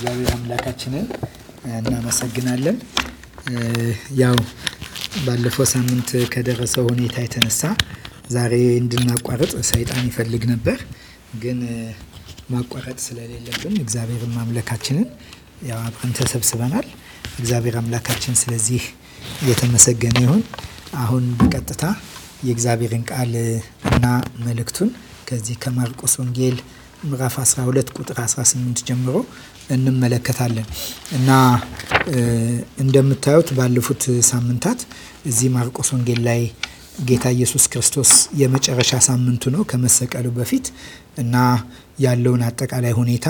እግዚአብሔር አምላካችንን እናመሰግናለን። ያው ባለፈው ሳምንት ከደረሰው ሁኔታ የተነሳ ዛሬ እንድናቋርጥ ሰይጣን ይፈልግ ነበር፣ ግን ማቋረጥ ስለሌለብን እግዚአብሔር አምላካችንን ያው አብረን ተሰብስበናል። እግዚአብሔር አምላካችን ስለዚህ የተመሰገነ ይሁን። አሁን በቀጥታ የእግዚአብሔርን ቃል እና መልእክቱን ከዚህ ከማርቆስ ወንጌል ምዕራፍ 12 ቁጥር 18 ጀምሮ እንመለከታለን እና እንደምታዩት ባለፉት ሳምንታት እዚህ ማርቆስ ወንጌል ላይ ጌታ ኢየሱስ ክርስቶስ የመጨረሻ ሳምንቱ ነው ከመሰቀሉ በፊት እና ያለውን አጠቃላይ ሁኔታ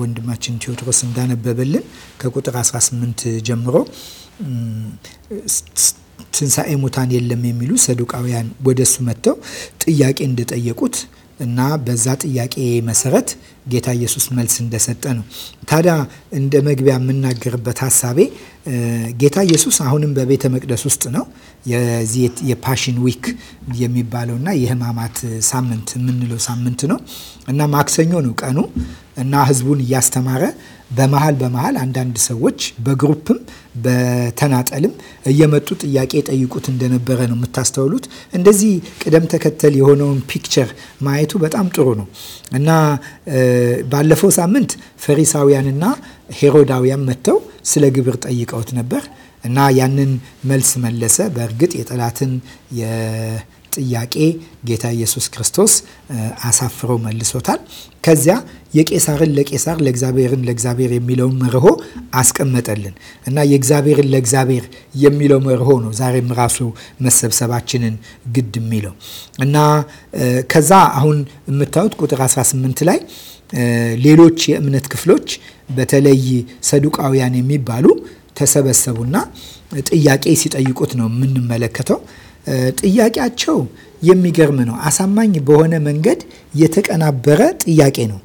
ወንድማችን ቴዎድሮስ እንዳነበበልን ከቁጥር 18 ጀምሮ ትንሣኤ ሙታን የለም የሚሉ ሰዱቃውያን ወደሱ መጥተው ጥያቄ እንደጠየቁት እና በዛ ጥያቄ መሰረት ጌታ ኢየሱስ መልስ እንደሰጠ ነው። ታዲያ እንደ መግቢያ የምናገርበት ሀሳቤ ጌታ ኢየሱስ አሁንም በቤተ መቅደስ ውስጥ ነው። የዚህ የፓሽን ዊክ የሚባለውና የህማማት ሳምንት የምንለው ሳምንት ነው እና ማክሰኞ ነው ቀኑ እና ህዝቡን እያስተማረ በመሀል በመሀል አንዳንድ ሰዎች በግሩፕም በተናጠልም እየመጡ ጥያቄ ጠይቁት እንደነበረ ነው የምታስተውሉት። እንደዚህ ቅደም ተከተል የሆነውን ፒክቸር ማየቱ በጣም ጥሩ ነው እና ባለፈው ሳምንት ፈሪሳውያንና ሄሮዳውያን መጥተው ስለ ግብር ጠይቀውት ነበር እና ያንን መልስ መለሰ። በእርግጥ የጠላትን ጥያቄ ጌታ ኢየሱስ ክርስቶስ አሳፍረው መልሶታል። ከዚያ የቄሳርን ለቄሳር ለእግዚአብሔርን ለእግዚአብሔር የሚለውን መርሆ አስቀመጠልን እና የእግዚአብሔርን ለእግዚአብሔር የሚለው መርሆ ነው ዛሬም ራሱ መሰብሰባችንን ግድ የሚለው እና ከዛ አሁን የምታዩት ቁጥር 18 ላይ ሌሎች የእምነት ክፍሎች በተለይ ሰዱቃውያን የሚባሉ ተሰበሰቡና ጥያቄ ሲጠይቁት ነው የምንመለከተው። ጥያቄያቸው የሚገርም ነው። አሳማኝ በሆነ መንገድ የተቀናበረ ጥያቄ ነው።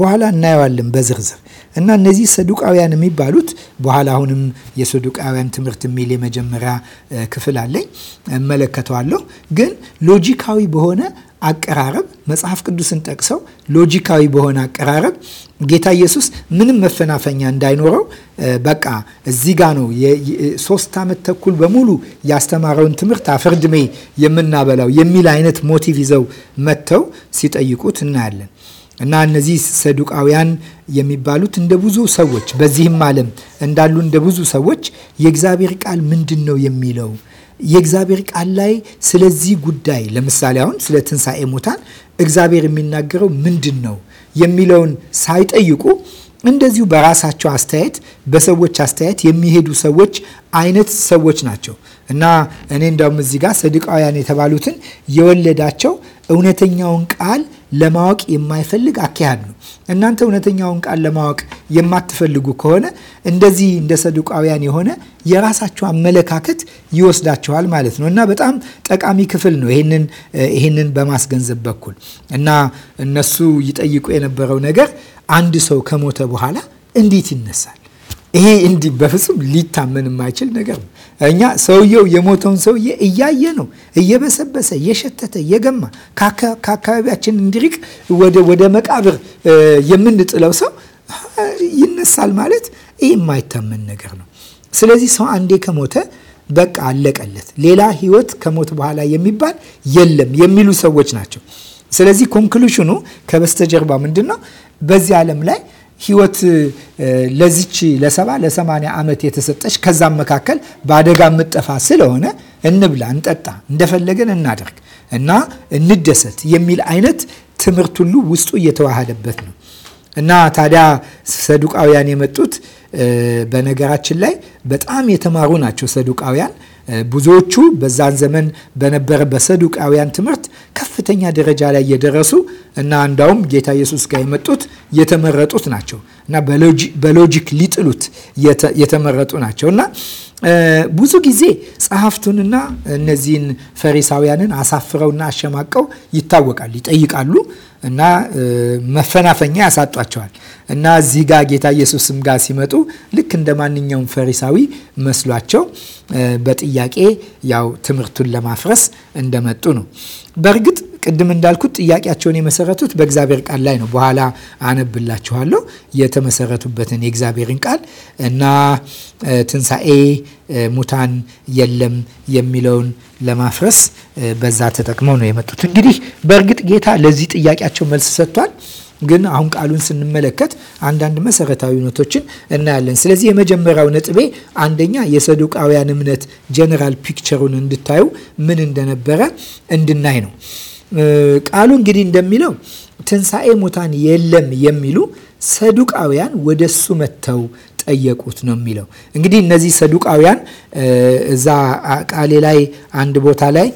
በኋላ እናየዋለን በዝርዝር እና እነዚህ ሰዱቃውያን የሚባሉት በኋላ አሁንም የሰዱቃውያን ትምህርት የሚል የመጀመሪያ ክፍል አለኝ እመለከተዋለሁ። ግን ሎጂካዊ በሆነ አቀራረብ መጽሐፍ ቅዱስን ጠቅሰው ሎጂካዊ በሆነ አቀራረብ ጌታ ኢየሱስ ምንም መፈናፈኛ እንዳይኖረው በቃ እዚህ ጋ ነው ሶስት ዓመት ተኩል በሙሉ ያስተማረውን ትምህርት አፈርድሜ የምናበላው የሚል አይነት ሞቲቭ ይዘው መጥተው ሲጠይቁት እናያለን። እና እነዚህ ሰዱቃውያን የሚባሉት እንደ ብዙ ሰዎች በዚህም ዓለም እንዳሉ እንደ ብዙ ሰዎች የእግዚአብሔር ቃል ምንድን ነው የሚለው የእግዚአብሔር ቃል ላይ ስለዚህ ጉዳይ ለምሳሌ አሁን ስለ ትንሣኤ ሙታን እግዚአብሔር የሚናገረው ምንድን ነው የሚለውን ሳይጠይቁ እንደዚሁ በራሳቸው አስተያየት በሰዎች አስተያየት የሚሄዱ ሰዎች አይነት ሰዎች ናቸው እና እኔ እንዳውም እዚህ ጋር ሰዱቃውያን የተባሉትን የወለዳቸው እውነተኛውን ቃል ለማወቅ የማይፈልግ አካሄድ ነው። እናንተ እውነተኛውን ቃል ለማወቅ የማትፈልጉ ከሆነ እንደዚህ እንደ ሰዱቃውያን የሆነ የራሳችሁ አመለካከት ይወስዳችኋል ማለት ነው እና በጣም ጠቃሚ ክፍል ነው ይህንን በማስገንዘብ በኩል እና እነሱ ይጠይቁ የነበረው ነገር አንድ ሰው ከሞተ በኋላ እንዴት ይነሳል? ይሄ እንዲህ በፍጹም ሊታመን የማይችል ነገር ነው። እኛ ሰውየው የሞተውን ሰውዬ እያየ ነው እየበሰበሰ እየሸተተ እየገማ ከአካባቢያችን እንዲርቅ ወደ መቃብር የምንጥለው ሰው ይነሳል ማለት ይህ የማይታመን ነገር ነው። ስለዚህ ሰው አንዴ ከሞተ በቃ አለቀለት። ሌላ ህይወት ከሞት በኋላ የሚባል የለም የሚሉ ሰዎች ናቸው። ስለዚህ ኮንክሉሽኑ ከበስተጀርባ ምንድን ነው? በዚህ ዓለም ላይ ህይወት ለዚች ለሰባ ለሰማንያ ዓመት የተሰጠች ከዛም መካከል በአደጋ የምጠፋ ስለሆነ እንብላ፣ እንጠጣ፣ እንደፈለገን እናደርግ እና እንደሰት የሚል አይነት ትምህርት ሁሉ ውስጡ እየተዋሃደበት ነው እና ታዲያ ሰዱቃውያን የመጡት በነገራችን ላይ በጣም የተማሩ ናቸው። ሰዱቃውያን ብዙዎቹ በዛን ዘመን በነበረ በሰዱቃውያን ትምህርት ከፍተኛ ደረጃ ላይ የደረሱ እና እንዳውም ጌታ ኢየሱስ ጋር የመጡት የተመረጡት ናቸው እና በሎጂክ ሊጥሉት የተመረጡ ናቸው እና ብዙ ጊዜ ጸሐፍቱንና እነዚህን ፈሪሳውያንን አሳፍረውና አሸማቀው ይታወቃሉ። ይጠይቃሉ እና መፈናፈኛ ያሳጧቸዋል እና እዚህ ጋር ጌታ ኢየሱስም ጋር ሲመጡ ልክ እንደ ማንኛውም ፈሪሳዊ መስሏቸው በጥያቄ ያው ትምህርቱን ለማፍረስ እንደመጡ ነው በእርግጥ ቅድም እንዳልኩት ጥያቄያቸውን የመሰረቱት በእግዚአብሔር ቃል ላይ ነው። በኋላ አነብላችኋለሁ የተመሰረቱበትን የእግዚአብሔርን ቃል እና ትንሣኤ ሙታን የለም የሚለውን ለማፍረስ በዛ ተጠቅመው ነው የመጡት። እንግዲህ በእርግጥ ጌታ ለዚህ ጥያቄያቸው መልስ ሰጥቷል። ግን አሁን ቃሉን ስንመለከት አንዳንድ መሰረታዊ እውነቶችን እናያለን። ስለዚህ የመጀመሪያው ነጥቤ አንደኛ የሰዱቃውያን እምነት ጀነራል ፒክቸሩን እንድታዩ ምን እንደነበረ እንድናይ ነው። ቃሉ እንግዲህ እንደሚለው ትንሣኤ ሙታን የለም የሚሉ ሰዱቃውያን ወደ እሱ መጥተው ጠየቁት ነው የሚለው። እንግዲህ እነዚህ ሰዱቃውያን እዛ ቃሌ ላይ አንድ ቦታ ላይ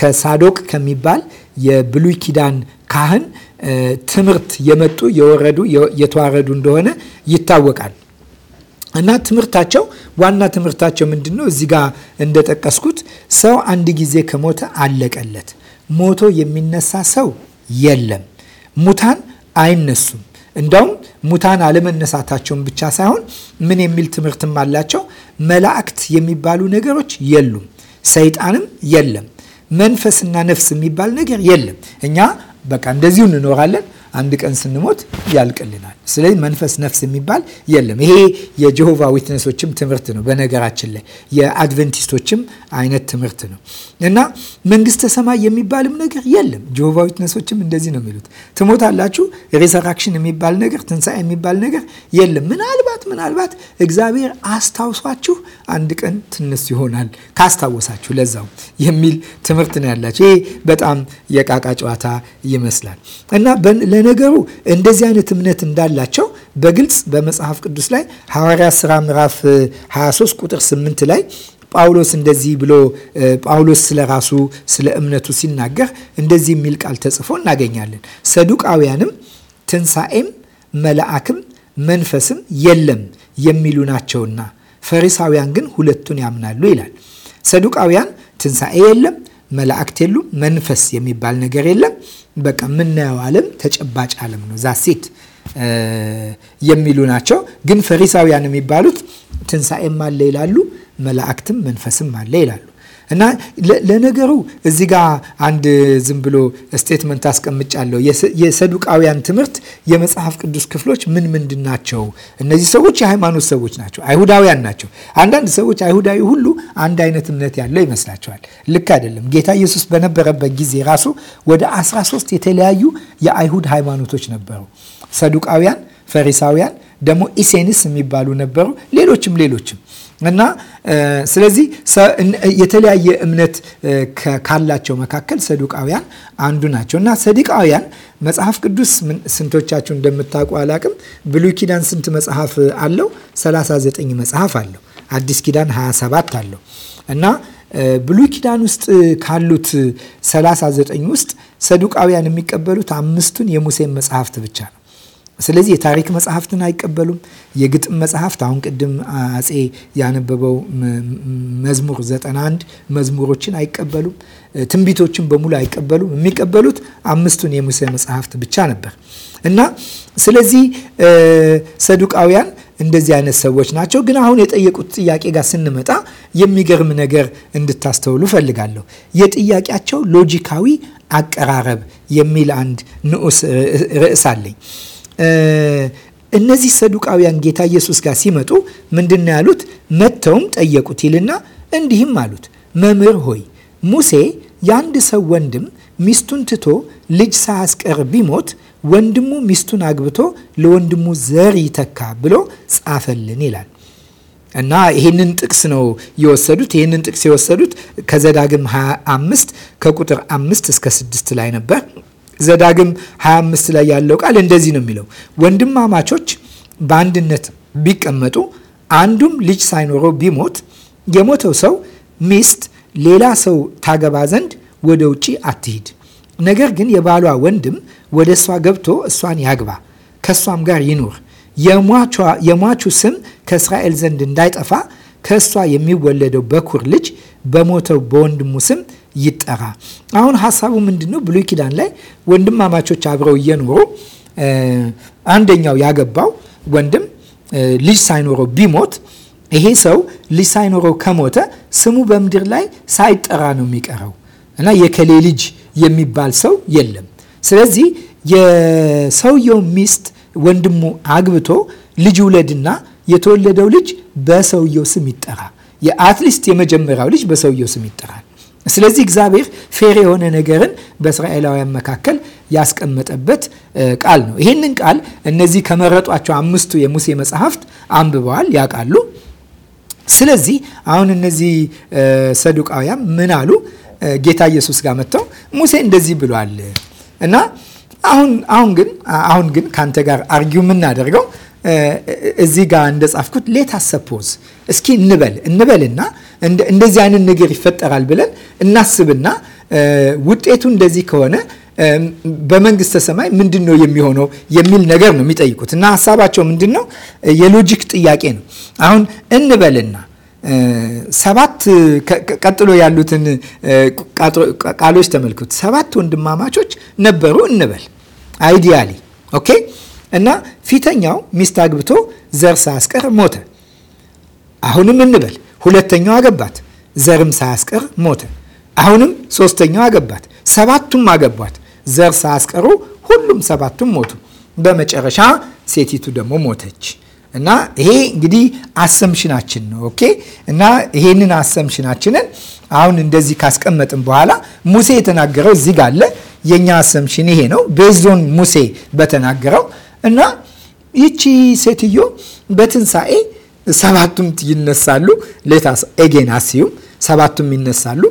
ከሳዶቅ ከሚባል የብሉይ ኪዳን ካህን ትምህርት የመጡ የወረዱ የተዋረዱ እንደሆነ ይታወቃል። እና ትምህርታቸው ዋና ትምህርታቸው ምንድን ነው? እዚህ ጋር እንደጠቀስኩት ሰው አንድ ጊዜ ከሞተ አለቀለት። ሞቶ የሚነሳ ሰው የለም። ሙታን አይነሱም። እንደውም ሙታን አለመነሳታቸውን ብቻ ሳይሆን ምን የሚል ትምህርትም አላቸው። መላእክት የሚባሉ ነገሮች የሉም፣ ሰይጣንም የለም፣ መንፈስና ነፍስ የሚባል ነገር የለም። እኛ በቃ እንደዚሁ እንኖራለን። አንድ ቀን ስንሞት ያልቅልናል። ስለዚህ መንፈስ ነፍስ የሚባል የለም። ይሄ የጀሆቫ ዊትነሶችም ትምህርት ነው። በነገራችን ላይ የአድቨንቲስቶችም አይነት ትምህርት ነው እና መንግስተ ሰማይ የሚባልም ነገር የለም። ጀሆቫ ዊትነሶችም እንደዚህ ነው የሚሉት። ትሞታላችሁ፣ ሪሰራክሽን የሚባል ነገር ትንሣኤ የሚባል ነገር የለም። ምናልባት ምናልባት እግዚአብሔር አስታውሷችሁ አንድ ቀን ትነሱ ይሆናል ካስታወሳችሁ ለዛው የሚል ትምህርት ነው ያላቸው። ይሄ በጣም የቃቃ ጨዋታ ይመስላል እና ለነገሩ እንደዚህ አይነት እምነት እንዳለ እንዳላቸው በግልጽ በመጽሐፍ ቅዱስ ላይ ሐዋርያ ሥራ ምዕራፍ 23 ቁጥር 8 ላይ ጳውሎስ እንደዚህ ብሎ ጳውሎስ ስለ ራሱ ስለ እምነቱ ሲናገር እንደዚህ የሚል ቃል ተጽፎ እናገኛለን። ሰዱቃውያንም ትንሣኤም መልአክም መንፈስም የለም የሚሉ ናቸውና ፈሪሳውያን ግን ሁለቱን ያምናሉ ይላል። ሰዱቃውያን ትንሣኤ የለም፣ መላእክት የሉም፣ መንፈስ የሚባል ነገር የለም። በቃ የምናየው ዓለም ተጨባጭ ዓለም ነው ዛሴት የሚሉ ናቸው። ግን ፈሪሳውያን የሚባሉት ትንሣኤም አለ ይላሉ፣ መላእክትም መንፈስም አለ ይላሉ። እና ለነገሩ እዚ ጋ አንድ ዝም ብሎ ስቴትመንት አስቀምጫለሁ። የሰዱቃውያን ትምህርት የመጽሐፍ ቅዱስ ክፍሎች ምን ምንድን ናቸው? እነዚህ ሰዎች የሃይማኖት ሰዎች ናቸው፣ አይሁዳውያን ናቸው። አንዳንድ ሰዎች አይሁዳዊ ሁሉ አንድ አይነት እምነት ያለው ይመስላቸዋል። ልክ አይደለም። ጌታ ኢየሱስ በነበረበት ጊዜ ራሱ ወደ 13 የተለያዩ የአይሁድ ሃይማኖቶች ነበሩ። ሰዱቃውያን፣ ፈሪሳውያን ደግሞ ኢሴንስ የሚባሉ ነበሩ። ሌሎችም ሌሎችም እና ስለዚህ የተለያየ እምነት ካላቸው መካከል ሰዱቃውያን አንዱ ናቸው እና ሰዱቃውያን መጽሐፍ ቅዱስ ስንቶቻችሁ እንደምታውቁ አላቅም። ብሉይ ኪዳን ስንት መጽሐፍ አለው? 39 መጽሐፍ አለው። አዲስ ኪዳን 27 አለው እና ብሉይ ኪዳን ውስጥ ካሉት 39 ውስጥ ሰዱቃውያን የሚቀበሉት አምስቱን የሙሴን መጽሐፍት ብቻ ነው። ስለዚህ የታሪክ መጽሐፍትን አይቀበሉም። የግጥም መጽሐፍት አሁን ቅድም አጼ ያነበበው መዝሙር 91 መዝሙሮችን አይቀበሉም። ትንቢቶችን በሙሉ አይቀበሉም። የሚቀበሉት አምስቱን የሙሴ መጽሐፍት ብቻ ነበር እና ስለዚህ ሰዱቃውያን እንደዚህ አይነት ሰዎች ናቸው። ግን አሁን የጠየቁት ጥያቄ ጋር ስንመጣ የሚገርም ነገር እንድታስተውሉ ፈልጋለሁ የጥያቄያቸው ሎጂካዊ አቀራረብ የሚል አንድ ንዑስ ርዕስ አለኝ። እነዚህ ሰዱቃውያን ጌታ ኢየሱስ ጋር ሲመጡ ምንድን ያሉት? መጥተውም ጠየቁት ይልና እንዲህም አሉት፣ መምህር ሆይ ሙሴ የአንድ ሰው ወንድም ሚስቱን ትቶ ልጅ ሳያስቀር ቢሞት ወንድሙ ሚስቱን አግብቶ ለወንድሙ ዘር ይተካ ብሎ ጻፈልን ይላል እና ይህንን ጥቅስ ነው የወሰዱት። ይህንን ጥቅስ የወሰዱት ከዘዳግም 25 ከቁጥር 5 እስከ 6 ላይ ነበር። ዘዳግም 25 ላይ ያለው ቃል እንደዚህ ነው የሚለው ወንድማማቾች በአንድነት ቢቀመጡ አንዱም ልጅ ሳይኖረው ቢሞት የሞተው ሰው ሚስት ሌላ ሰው ታገባ ዘንድ ወደ ውጭ አትሂድ። ነገር ግን የባሏ ወንድም ወደ እሷ ገብቶ እሷን ያግባ፣ ከእሷም ጋር ይኑር። የሟቹ ስም ከእስራኤል ዘንድ እንዳይጠፋ ከእሷ የሚወለደው በኩር ልጅ በሞተው በወንድሙ ስም ይጠራ። አሁን ሀሳቡ ምንድን ነው? ብሉይ ኪዳን ላይ ወንድማማቾች አብረው እየኖሩ አንደኛው ያገባው ወንድም ልጅ ሳይኖረው ቢሞት ይሄ ሰው ልጅ ሳይኖረው ከሞተ ስሙ በምድር ላይ ሳይጠራ ነው የሚቀረው እና የከሌ ልጅ የሚባል ሰው የለም። ስለዚህ የሰውየው ሚስት ወንድሙ አግብቶ ልጅ ውለድና የተወለደው ልጅ በሰውየው ስም ይጠራ። የአትሊስት የመጀመሪያው ልጅ በሰውየው ስም ይጠራል። ስለዚህ እግዚአብሔር ፌር የሆነ ነገርን በእስራኤላውያን መካከል ያስቀመጠበት ቃል ነው። ይህንን ቃል እነዚህ ከመረጧቸው አምስቱ የሙሴ መጽሐፍት አንብበዋል፣ ያውቃሉ። ስለዚህ አሁን እነዚህ ሰዱቃውያን ምን አሉ? ጌታ ኢየሱስ ጋር መጥተው ሙሴ እንደዚህ ብሏል እና አሁን አሁን ግን አሁን ግን ከአንተ ጋር አርጊው የምናደርገው እዚህ ጋር እንደጻፍኩት ሌት አሰፖዝ እስኪ እንበል እንበልና እንደዚህ አይነት ነገር ይፈጠራል ብለን እናስብና ውጤቱ እንደዚህ ከሆነ በመንግስተ ሰማይ ምንድን ነው የሚሆነው የሚል ነገር ነው የሚጠይቁት እና ሀሳባቸው ምንድን ነው? የሎጂክ ጥያቄ ነው። አሁን እንበልና ሰባት ቀጥሎ ያሉትን ቃሎች ተመልክቱ። ሰባት ወንድማማቾች ነበሩ እንበል አይዲያሊ ኦኬ። እና ፊተኛው ሚስት አግብቶ ዘር ሳያስቀር ሞተ። አሁንም እንበል ሁለተኛው አገባት፣ ዘርም ሳያስቀር ሞተ። አሁንም ሶስተኛው አገባት፣ ሰባቱም አገቧት፣ ዘር ሳያስቀሩ ሁሉም ሰባቱም ሞቱ። በመጨረሻ ሴቲቱ ደግሞ ሞተች። እና ይሄ እንግዲህ አሰምሽናችን ነው። ኦኬ። እና ይሄንን አሰምሽናችንን አሁን እንደዚህ ካስቀመጥን በኋላ ሙሴ የተናገረው እዚህ ጋር አለ። የእኛ አሰምሽን ይሄ ነው፣ ቤዞን ሙሴ በተናገረው እና ይቺ ሴትዮ በትንሣኤ ሰባቱም ይነሳሉ። ሌታ ኤጌን አስዩም ሰባቱም ይነሳሉ።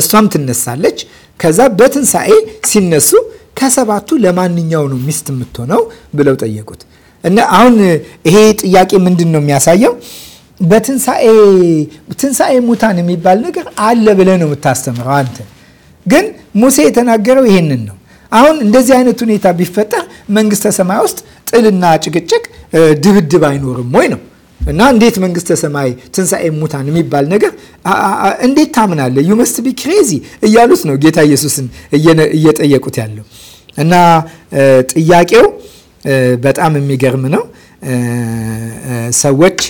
እሷም ትነሳለች። ከዛ በትንሣኤ ሲነሱ ከሰባቱ ለማንኛው ነው ሚስት የምትሆነው ብለው ጠየቁት። እና አሁን ይሄ ጥያቄ ምንድን ነው የሚያሳየው? በትንሣኤ ሙታን የሚባል ነገር አለ ብለህ ነው የምታስተምረው አንተ። ግን ሙሴ የተናገረው ይሄንን ነው። አሁን እንደዚህ አይነት ሁኔታ ቢፈጠር መንግስተ ሰማይ ውስጥ ጥልና ጭቅጭቅ፣ ድብድብ አይኖርም ወይ ነው እና እንዴት መንግስተ ሰማይ ትንሣኤ ሙታን የሚባል ነገር እንዴት ታምናለ? ዩ መስት ቢ ክሬዚ እያሉት ነው ጌታ ኢየሱስን እየጠየቁት ያለው እና ጥያቄው በጣም የሚገርም ነው። ሰዎች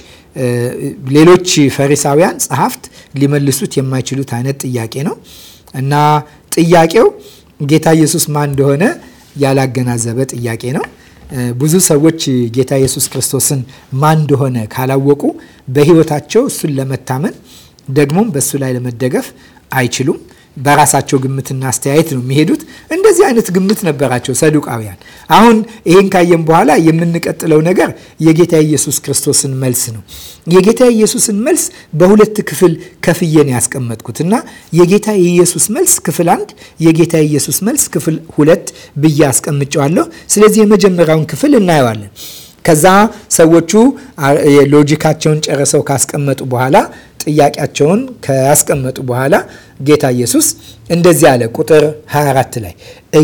ሌሎች ፈሪሳውያን ጸሐፍት ሊመልሱት የማይችሉት አይነት ጥያቄ ነው እና ጥያቄው ጌታ ኢየሱስ ማን እንደሆነ ያላገናዘበ ጥያቄ ነው። ብዙ ሰዎች ጌታ ኢየሱስ ክርስቶስን ማን እንደሆነ ካላወቁ በህይወታቸው እሱን ለመታመን ደግሞም በእሱ ላይ ለመደገፍ አይችሉም። በራሳቸው ግምትና አስተያየት ነው የሚሄዱት። እንደዚህ አይነት ግምት ነበራቸው ሰዱቃውያን። አሁን ይህን ካየን በኋላ የምንቀጥለው ነገር የጌታ ኢየሱስ ክርስቶስን መልስ ነው። የጌታ ኢየሱስን መልስ በሁለት ክፍል ከፍየን ያስቀመጥኩት እና የጌታ የኢየሱስ መልስ ክፍል አንድ፣ የጌታ ኢየሱስ መልስ ክፍል ሁለት ብዬ አስቀምጨዋለሁ። ስለዚህ የመጀመሪያውን ክፍል እናየዋለን። ከዛ ሰዎቹ ሎጂካቸውን ጨርሰው ካስቀመጡ በኋላ ጥያቄያቸውን ካስቀመጡ በኋላ ጌታ ኢየሱስ እንደዚህ አለ። ቁጥር 24 ላይ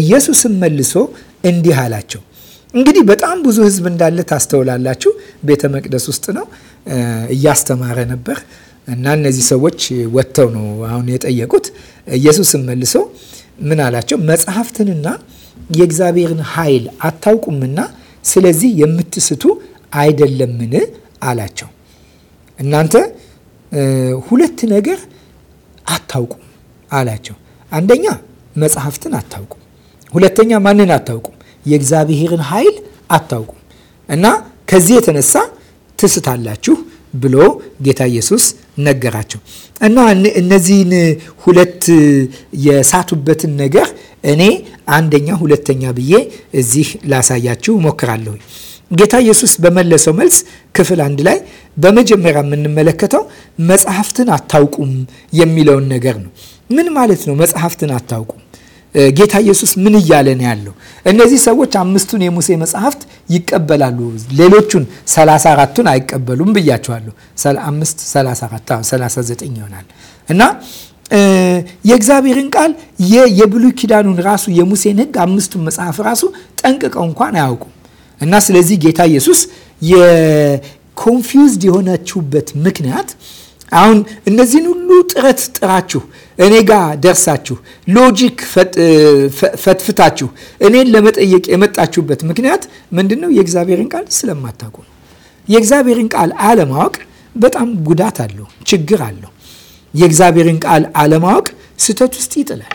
ኢየሱስም መልሶ እንዲህ አላቸው። እንግዲህ በጣም ብዙ ሕዝብ እንዳለ ታስተውላላችሁ። ቤተ መቅደስ ውስጥ ነው እያስተማረ ነበር እና እነዚህ ሰዎች ወጥተው ነው አሁን የጠየቁት። ኢየሱስም መልሶ ምን አላቸው? መጽሐፍትንና የእግዚአብሔርን ኃይል አታውቁምና ስለዚህ የምትስቱ አይደለምን አላቸው። እናንተ ሁለት ነገር አታውቁም አላቸው። አንደኛ መጽሐፍትን አታውቁም፣ ሁለተኛ ማንን አታውቁም? የእግዚአብሔርን ኃይል አታውቁም እና ከዚህ የተነሳ ትስታላችሁ ብሎ ጌታ ኢየሱስ ነገራቸው እና እነዚህን ሁለት የሳቱበትን ነገር እኔ አንደኛ ሁለተኛ ብዬ እዚህ ላሳያችሁ ሞክራለሁ። ጌታ ኢየሱስ በመለሰው መልስ ክፍል አንድ ላይ በመጀመሪያ የምንመለከተው መጽሐፍትን አታውቁም የሚለውን ነገር ነው። ምን ማለት ነው መጽሐፍትን አታውቁም? ጌታ ኢየሱስ ምን እያለ ነው ያለው? እነዚህ ሰዎች አምስቱን የሙሴ መጽሐፍት ይቀበላሉ፣ ሌሎቹን 34ቱን አይቀበሉም ብያቸዋለሁ። አምስት 34 39 ይሆናል እና የእግዚአብሔርን ቃል የብሉይ ኪዳኑን ራሱ የሙሴን ሕግ አምስቱን መጽሐፍ ራሱ ጠንቅቀው እንኳን አያውቁም እና ስለዚህ ጌታ ኢየሱስ የኮንፊውዝድ የሆነችሁበት ምክንያት አሁን እነዚህን ሁሉ ጥረት ጥራችሁ እኔ ጋር ደርሳችሁ ሎጂክ ፈትፍታችሁ እኔን ለመጠየቅ የመጣችሁበት ምክንያት ምንድን ነው? የእግዚአብሔርን ቃል ስለማታውቁ ነው። የእግዚአብሔርን ቃል አለማወቅ በጣም ጉዳት አለው፣ ችግር አለው። የእግዚአብሔርን ቃል አለማወቅ ስህተት ውስጥ ይጥላል።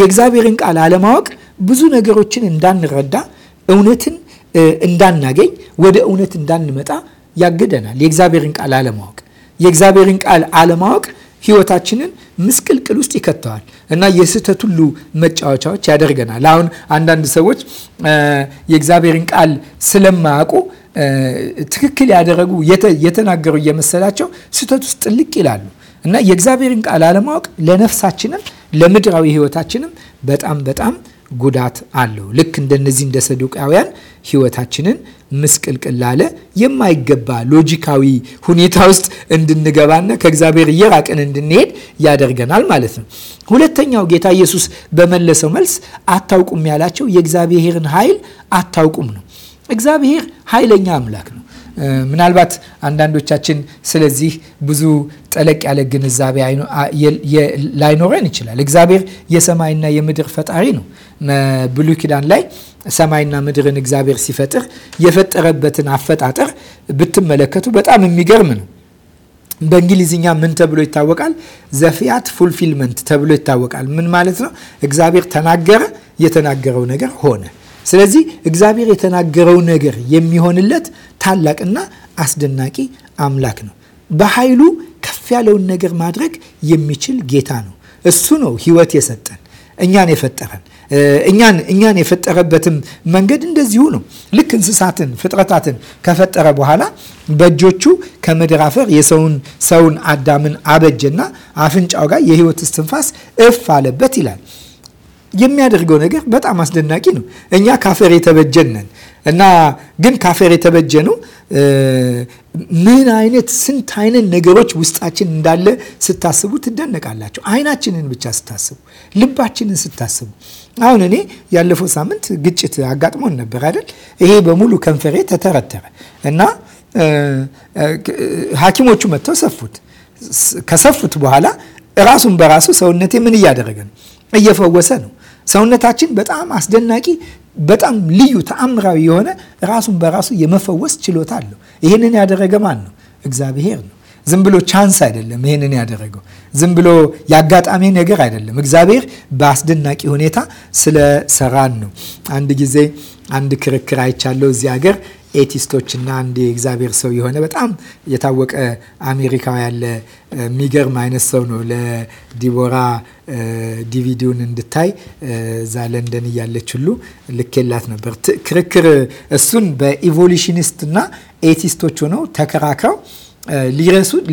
የእግዚአብሔርን ቃል አለማወቅ ብዙ ነገሮችን እንዳንረዳ፣ እውነትን እንዳናገኝ፣ ወደ እውነት እንዳንመጣ ያግደናል። የእግዚአብሔርን ቃል አለማወቅ የእግዚአብሔርን ቃል አለማወቅ ህይወታችንን ምስቅልቅል ውስጥ ይከተዋል እና የስህተት ሁሉ መጫወቻዎች ያደርገናል። አሁን አንዳንድ ሰዎች የእግዚአብሔርን ቃል ስለማያውቁ ትክክል ያደረጉ የተናገሩ እየመሰላቸው ስህተት ውስጥ ጥልቅ ይላሉ እና የእግዚአብሔርን ቃል አለማወቅ ለነፍሳችንም ለምድራዊ ህይወታችንም በጣም በጣም ጉዳት አለው። ልክ እንደነዚህ እንደ ሰዱቃውያን ህይወታችንን ምስቅልቅል አለ። የማይገባ ሎጂካዊ ሁኔታ ውስጥ እንድንገባና ከእግዚአብሔር እየራቅን እንድንሄድ ያደርገናል ማለት ነው። ሁለተኛው ጌታ ኢየሱስ በመለሰው መልስ አታውቁም ያላቸው የእግዚአብሔርን ኃይል አታውቁም ነው። እግዚአብሔር ኃይለኛ አምላክ ነው። ምናልባት አንዳንዶቻችን ስለዚህ ብዙ ጠለቅ ያለ ግንዛቤ ላይኖረን ይችላል። እግዚአብሔር የሰማይና የምድር ፈጣሪ ነው። ብሉይ ኪዳን ላይ ሰማይና ምድርን እግዚአብሔር ሲፈጥር የፈጠረበትን አፈጣጠር ብትመለከቱ በጣም የሚገርም ነው። በእንግሊዝኛ ምን ተብሎ ይታወቃል? ዘፍያት ፉልፊልመንት ተብሎ ይታወቃል። ምን ማለት ነው? እግዚአብሔር ተናገረ፣ የተናገረው ነገር ሆነ። ስለዚህ እግዚአብሔር የተናገረው ነገር የሚሆንለት ታላቅና አስደናቂ አምላክ ነው። በኃይሉ ከፍ ያለውን ነገር ማድረግ የሚችል ጌታ ነው። እሱ ነው ሕይወት የሰጠን እኛን የፈጠረን እኛን እኛን የፈጠረበትም መንገድ እንደዚሁ ነው። ልክ እንስሳትን ፍጥረታትን ከፈጠረ በኋላ በእጆቹ ከምድር አፈር የሰውን ሰውን አዳምን አበጀና አፍንጫው ጋር የህይወት እስትንፋስ እፍ አለበት ይላል። የሚያደርገው ነገር በጣም አስደናቂ ነው። እኛ ካፈር የተበጀን ነን እና ግን ካፈር የተበጀ ነው። ምን አይነት ስንት አይነት ነገሮች ውስጣችን እንዳለ ስታስቡ ትደነቃላችሁ። አይናችንን ብቻ ስታስቡ፣ ልባችንን ስታስቡ። አሁን እኔ ያለፈው ሳምንት ግጭት አጋጥሞን ነበር አይደል? ይሄ በሙሉ ከንፈሬ ተተረተረ እና ሐኪሞቹ መጥተው ሰፉት። ከሰፉት በኋላ ራሱን በራሱ ሰውነቴ ምን እያደረገ ነው? እየፈወሰ ነው። ሰውነታችን በጣም አስደናቂ በጣም ልዩ ተአምራዊ የሆነ ራሱን በራሱ የመፈወስ ችሎታ አለው። ይህንን ያደረገ ማን ነው? እግዚአብሔር ነው። ዝም ብሎ ቻንስ አይደለም። ይህንን ያደረገው ዝም ብሎ የአጋጣሚ ነገር አይደለም። እግዚአብሔር በአስደናቂ ሁኔታ ስለሰራን ነው። አንድ ጊዜ አንድ ክርክር አይቻለሁ እዚህ ሀገር ኤቲስቶች እና አንድ የእግዚአብሔር ሰው የሆነ በጣም የታወቀ አሜሪካ ያለ የሚገርም አይነት ሰው ነው። ለዲቦራ ዲቪዲውን እንድታይ እዛ ለንደን እያለች ሁሉ ልኬላት ነበር። ክርክር እሱን በኢቮሉሽኒስት እና ኤቲስቶች ሆነው ተከራክረው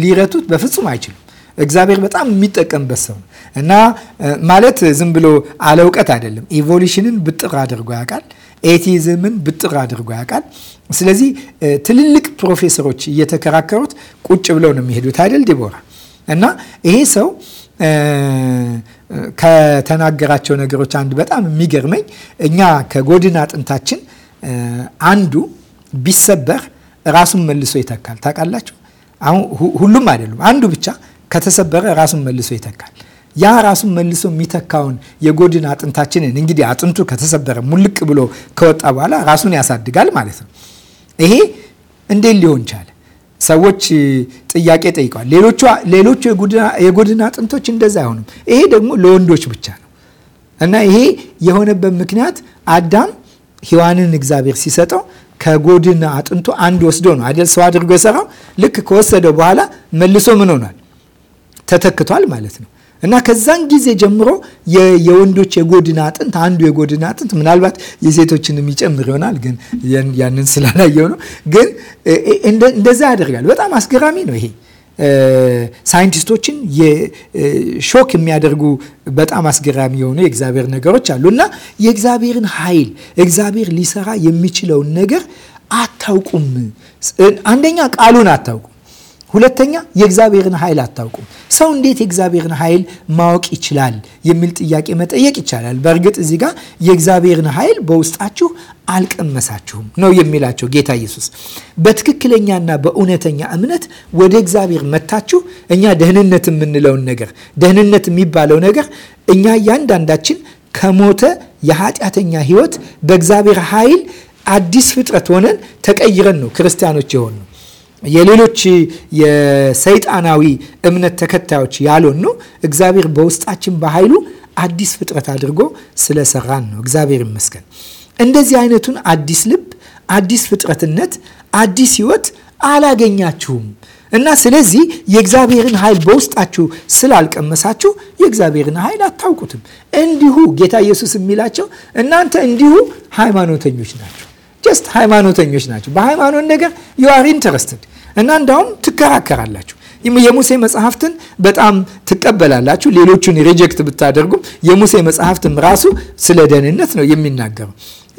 ሊረቱት በፍጹም አይችሉም። እግዚአብሔር በጣም የሚጠቀምበት ሰው ነው እና ማለት ዝም ብሎ አለ እውቀት አይደለም። ኢቮሉሽንን ብጥር አድርጎ ያውቃል። ኤቲዝምን ብጥር አድርጎ ያውቃል። ስለዚህ ትልልቅ ፕሮፌሰሮች እየተከራከሩት ቁጭ ብለው ነው የሚሄዱት አይደል ዲቦራ? እና ይሄ ሰው ከተናገራቸው ነገሮች አንድ በጣም የሚገርመኝ እኛ ከጎድን አጥንታችን አንዱ ቢሰበር ራሱን መልሶ ይተካል። ታውቃላችሁ? አሁን ሁሉም አይደሉም፣ አንዱ ብቻ ከተሰበረ ራሱን መልሶ ይተካል። ያ ራሱን መልሶ የሚተካውን የጎድን አጥንታችንን እንግዲህ አጥንቱ ከተሰበረ ሙልቅ ብሎ ከወጣ በኋላ ራሱን ያሳድጋል ማለት ነው። ይሄ እንዴት ሊሆን ቻለ? ሰዎች ጥያቄ ጠይቀዋል። ሌሎቹ የጎድን አጥንቶች እንደዛ አይሆኑም፣ ይሄ ደግሞ ለወንዶች ብቻ ነው እና ይሄ የሆነበት ምክንያት አዳም ሔዋንን እግዚአብሔር ሲሰጠው ከጎድን አጥንቱ አንድ ወስዶ ነው አይደል? ሰው አድርጎ የሰራው ልክ ከወሰደ በኋላ መልሶ ምን ሆኗል? ተተክቷል ማለት ነው። እና ከዛን ጊዜ ጀምሮ የወንዶች የጎድን አጥንት አንዱ የጎድን አጥንት ምናልባት የሴቶችን የሚጨምር ይሆናል፣ ግን ያንን ስላላየው ነው። ግን እንደዛ ያደርጋል። በጣም አስገራሚ ነው ይሄ። ሳይንቲስቶችን ሾክ የሚያደርጉ በጣም አስገራሚ የሆኑ የእግዚአብሔር ነገሮች አሉ እና የእግዚአብሔርን ኃይል እግዚአብሔር ሊሰራ የሚችለውን ነገር አታውቁም። አንደኛ ቃሉን አታውቁም ሁለተኛ የእግዚአብሔርን ኃይል አታውቁም። ሰው እንዴት የእግዚአብሔርን ኃይል ማወቅ ይችላል የሚል ጥያቄ መጠየቅ ይቻላል። በእርግጥ እዚህ ጋር የእግዚአብሔርን ኃይል በውስጣችሁ አልቀመሳችሁም ነው የሚላቸው ጌታ ኢየሱስ። በትክክለኛና በእውነተኛ እምነት ወደ እግዚአብሔር መታችሁ። እኛ ደህንነት የምንለውን ነገር ደህንነት የሚባለው ነገር እኛ እያንዳንዳችን ከሞተ የኃጢአተኛ ህይወት በእግዚአብሔር ኃይል አዲስ ፍጥረት ሆነን ተቀይረን ነው ክርስቲያኖች የሆኑ የሌሎች የሰይጣናዊ እምነት ተከታዮች ያልሆን ነው። እግዚአብሔር በውስጣችን በኃይሉ አዲስ ፍጥረት አድርጎ ስለሰራን ነው። እግዚአብሔር ይመስገን። እንደዚህ አይነቱን አዲስ ልብ፣ አዲስ ፍጥረትነት፣ አዲስ ህይወት አላገኛችሁም እና ስለዚህ የእግዚአብሔርን ኃይል በውስጣችሁ ስላልቀመሳችሁ የእግዚአብሔርን ኃይል አታውቁትም። እንዲሁ ጌታ ኢየሱስ የሚላቸው እናንተ እንዲሁ ሃይማኖተኞች ናቸው። ጀስት ሃይማኖተኞች ናቸው። በሃይማኖት ነገር ዩ አር ኢንተረስትድ እና እንዳውም ትከራከራላችሁ። የሙሴ መጽሐፍትን በጣም ትቀበላላችሁ። ሌሎቹን ሪጀክት ብታደርጉም የሙሴ መጽሐፍትም ራሱ ስለ ደህንነት ነው የሚናገረው።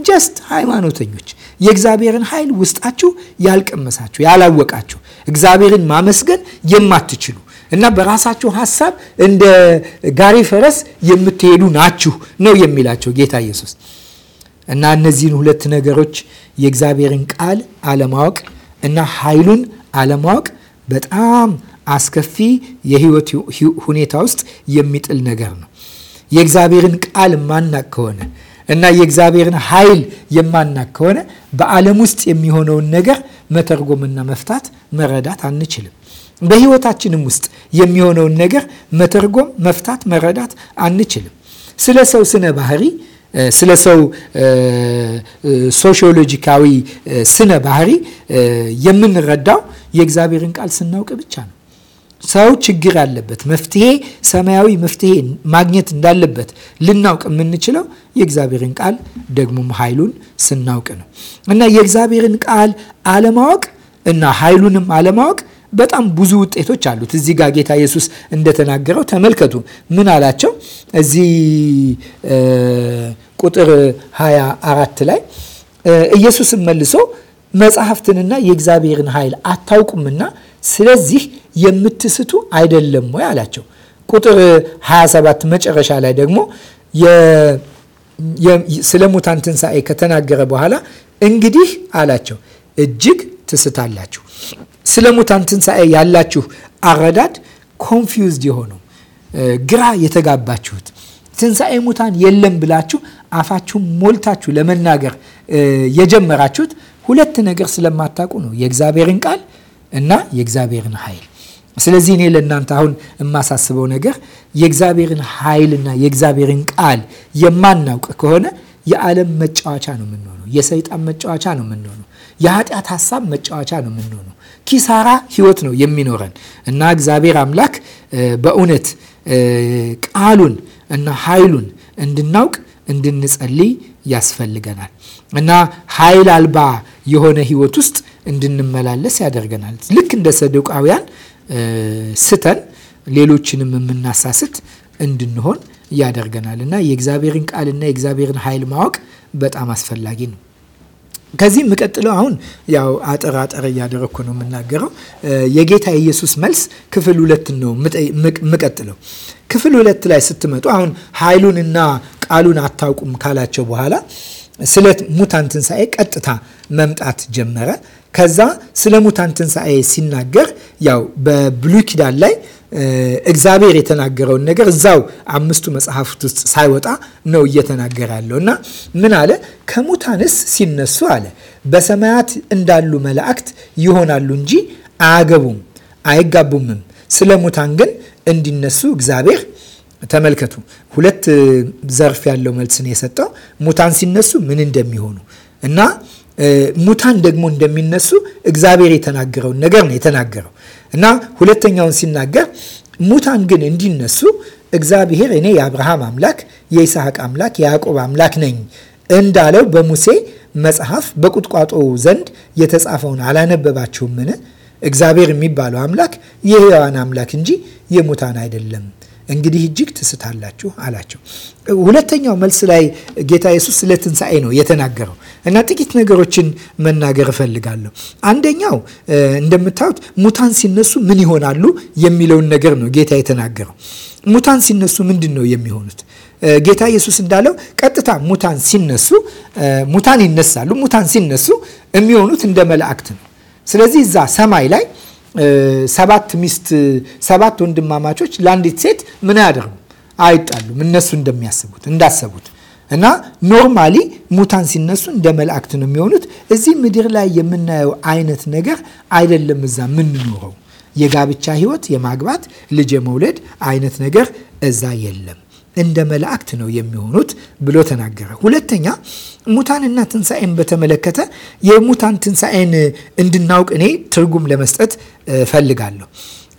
ጀስት ሃይማኖተኞች የእግዚአብሔርን ኃይል ውስጣችሁ ያልቀመሳችሁ ያላወቃችሁ፣ እግዚአብሔርን ማመስገን የማትችሉ እና በራሳችሁ ሀሳብ እንደ ጋሪ ፈረስ የምትሄዱ ናችሁ ነው የሚላቸው ጌታ ኢየሱስ። እና እነዚህን ሁለት ነገሮች የእግዚአብሔርን ቃል አለማወቅ እና ኃይሉን አለማወቅ በጣም አስከፊ የህይወት ሁኔታ ውስጥ የሚጥል ነገር ነው። የእግዚአብሔርን ቃል ማናቅ ከሆነ እና የእግዚአብሔርን ኃይል የማናቅ ከሆነ በዓለም ውስጥ የሚሆነውን ነገር መተርጎምና መፍታት መረዳት አንችልም። በህይወታችንም ውስጥ የሚሆነውን ነገር መተርጎም፣ መፍታት፣ መረዳት አንችልም። ስለ ሰው ስነ ባህሪ ስለ ሰው ሶሽዮሎጂካዊ ስነ ባህሪ የምንረዳው የእግዚአብሔርን ቃል ስናውቅ ብቻ ነው። ሰው ችግር ያለበት መፍትሄ ሰማያዊ መፍትሄ ማግኘት እንዳለበት ልናውቅ የምንችለው የእግዚአብሔርን ቃል ደግሞም ኃይሉን ስናውቅ ነው እና የእግዚአብሔርን ቃል አለማወቅ እና ኃይሉንም አለማወቅ በጣም ብዙ ውጤቶች አሉት። እዚህ ጋር ጌታ ኢየሱስ እንደተናገረው ተመልከቱ። ምን አላቸው? እዚህ ቁጥር 24 ላይ ኢየሱስም መልሶ መጽሐፍትንና የእግዚአብሔርን ኃይል አታውቁምና ስለዚህ የምትስቱ አይደለም ወይ አላቸው። ቁጥር 27 መጨረሻ ላይ ደግሞ ስለ ሙታን ትንሣኤ ከተናገረ በኋላ እንግዲህ አላቸው እጅግ ትስታላችሁ ስለ ሙታን ትንሣኤ ያላችሁ አረዳድ ኮንፊውዝድ የሆነው ግራ የተጋባችሁት ትንሣኤ ሙታን የለም ብላችሁ አፋችሁ ሞልታችሁ ለመናገር የጀመራችሁት ሁለት ነገር ስለማታውቁ ነው፣ የእግዚአብሔርን ቃል እና የእግዚአብሔርን ኃይል። ስለዚህ እኔ ለእናንተ አሁን የማሳስበው ነገር የእግዚአብሔርን ኃይልና የእግዚአብሔርን ቃል የማናውቅ ከሆነ የዓለም መጫወቻ ነው የምንሆነው። የሰይጣን መጫወቻ ነው የምንሆነው። የኃጢአት ሀሳብ መጫወቻ ነው የምንሆነው። ኪሳራ ህይወት ነው የሚኖረን እና እግዚአብሔር አምላክ በእውነት ቃሉን እና ኃይሉን እንድናውቅ እንድንጸልይ ያስፈልገናል እና ኃይል አልባ የሆነ ህይወት ውስጥ እንድንመላለስ ያደርገናል። ልክ እንደ ሰዱቃውያን ስተን ሌሎችንም የምናሳስት እንድንሆን ያደርገናል እና የእግዚአብሔርን ቃልና የእግዚአብሔርን ኃይል ማወቅ በጣም አስፈላጊ ነው። ከዚህ የምቀጥለው አሁን ያው አጠር አጠር እያደረግኩ ነው የምናገረው። የጌታ የኢየሱስ መልስ ክፍል ሁለት ነው የምቀጥለው። ክፍል ሁለት ላይ ስትመጡ አሁን ኃይሉንና ቃሉን አታውቁም ካላቸው በኋላ ስለ ሙታን ትንሣኤ ቀጥታ መምጣት ጀመረ። ከዛ ስለ ሙታን ትንሣኤ ሲናገር ያው በብሉይ ኪዳን ላይ እግዚአብሔር የተናገረውን ነገር እዛው አምስቱ መጽሐፍት ውስጥ ሳይወጣ ነው እየተናገረ ያለው እና ምን አለ? ከሙታንስ ሲነሱ አለ በሰማያት እንዳሉ መላእክት ይሆናሉ እንጂ አያገቡም አይጋቡምም። ስለ ሙታን ግን እንዲነሱ እግዚአብሔር ተመልከቱ፣ ሁለት ዘርፍ ያለው መልስ ነው የሰጠው። ሙታን ሲነሱ ምን እንደሚሆኑ እና ሙታን ደግሞ እንደሚነሱ እግዚአብሔር የተናገረውን ነገር ነው የተናገረው። እና ሁለተኛውን ሲናገር ሙታን ግን እንዲነሱ እግዚአብሔር እኔ የአብርሃም አምላክ የይስሐቅ አምላክ የያዕቆብ አምላክ ነኝ እንዳለው በሙሴ መጽሐፍ በቁጥቋጦ ዘንድ የተጻፈውን አላነበባችሁምን? እግዚአብሔር የሚባለው አምላክ የሕያዋን አምላክ እንጂ የሙታን አይደለም። እንግዲህ እጅግ ትስታላችሁ አላቸው። ሁለተኛው መልስ ላይ ጌታ ኢየሱስ ስለ ትንሣኤ ነው የተናገረው እና ጥቂት ነገሮችን መናገር እፈልጋለሁ። አንደኛው እንደምታዩት ሙታን ሲነሱ ምን ይሆናሉ የሚለውን ነገር ነው ጌታ የተናገረው። ሙታን ሲነሱ ምንድን ነው የሚሆኑት? ጌታ ኢየሱስ እንዳለው ቀጥታ ሙታን ሲነሱ ሙታን ይነሳሉ። ሙታን ሲነሱ የሚሆኑት እንደ መላእክት ነው። ስለዚህ እዛ ሰማይ ላይ ሰባት ሚስት ሰባት ወንድማማቾች ለአንዲት ሴት ምን አያደርጉ አይጣሉም። እነሱ እንደሚያስቡት እንዳሰቡት እና ኖርማሊ ሙታን ሲነሱ እንደ መላእክት ነው የሚሆኑት። እዚህ ምድር ላይ የምናየው አይነት ነገር አይደለም። እዛ የምንኖረው የጋብቻ ህይወት የማግባት ልጅ የመውለድ አይነት ነገር እዛ የለም። እንደ መላእክት ነው የሚሆኑት ብሎ ተናገረ። ሁለተኛ ሙታንና ትንሣኤን በተመለከተ የሙታን ትንሣኤን እንድናውቅ እኔ ትርጉም ለመስጠት ፈልጋለሁ።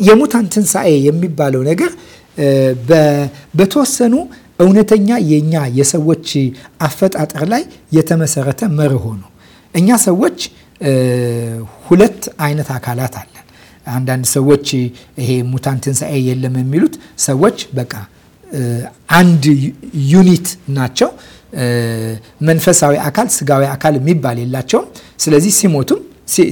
የሙታን ትንሣኤ የሚባለው ነገር በተወሰኑ እውነተኛ የእኛ የሰዎች አፈጣጠር ላይ የተመሰረተ መርሆ ነው። እኛ ሰዎች ሁለት አይነት አካላት አለን። አንዳንድ ሰዎች ይሄ ሙታን ትንሣኤ የለም የሚሉት ሰዎች በቃ አንድ ዩኒት ናቸው። መንፈሳዊ አካል ስጋዊ አካል የሚባል የላቸውም። ስለዚህ ሲሞቱም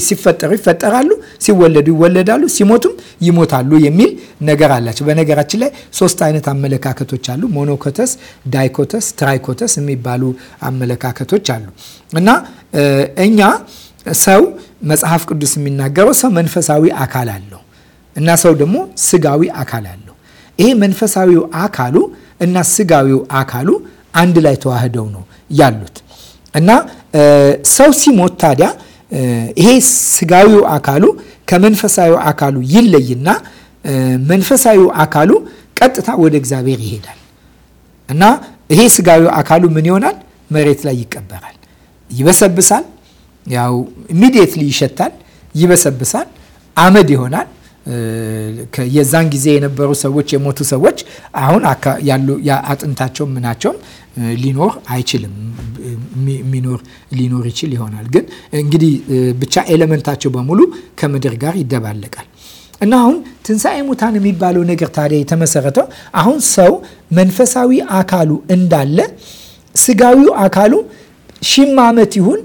ሲፈጠሩ ይፈጠራሉ፣ ሲወለዱ ይወለዳሉ፣ ሲሞቱም ይሞታሉ የሚል ነገር አላቸው። በነገራችን ላይ ሶስት አይነት አመለካከቶች አሉ። ሞኖኮተስ፣ ዳይኮተስ፣ ትራይኮተስ የሚባሉ አመለካከቶች አሉ እና እኛ ሰው መጽሐፍ ቅዱስ የሚናገረው ሰው መንፈሳዊ አካል አለው እና ሰው ደግሞ ስጋዊ አካል አለው ይሄ መንፈሳዊው አካሉ እና ስጋዊው አካሉ አንድ ላይ ተዋህደው ነው ያሉት እና ሰው ሲሞት ታዲያ ይሄ ስጋዊው አካሉ ከመንፈሳዊ አካሉ ይለይና መንፈሳዊ አካሉ ቀጥታ ወደ እግዚአብሔር ይሄዳል እና ይሄ ስጋዊ አካሉ ምን ይሆናል? መሬት ላይ ይቀበራል። ይበሰብሳል። ያው ኢሚዲየትሊ ይሸታል፣ ይበሰብሳል፣ አመድ ይሆናል። የዛን ጊዜ የነበሩ ሰዎች የሞቱ ሰዎች አሁን ያሉ አጥንታቸውም ምናቸውም ሊኖር አይችልም። ሚኖር ሊኖር ይችል ይሆናል ግን እንግዲህ ብቻ ኤሌመንታቸው በሙሉ ከምድር ጋር ይደባለቃል እና አሁን ትንሣኤ ሙታን የሚባለው ነገር ታዲያ የተመሰረተው አሁን ሰው መንፈሳዊ አካሉ እንዳለ ስጋዊው አካሉ ሺም ዓመት ይሁን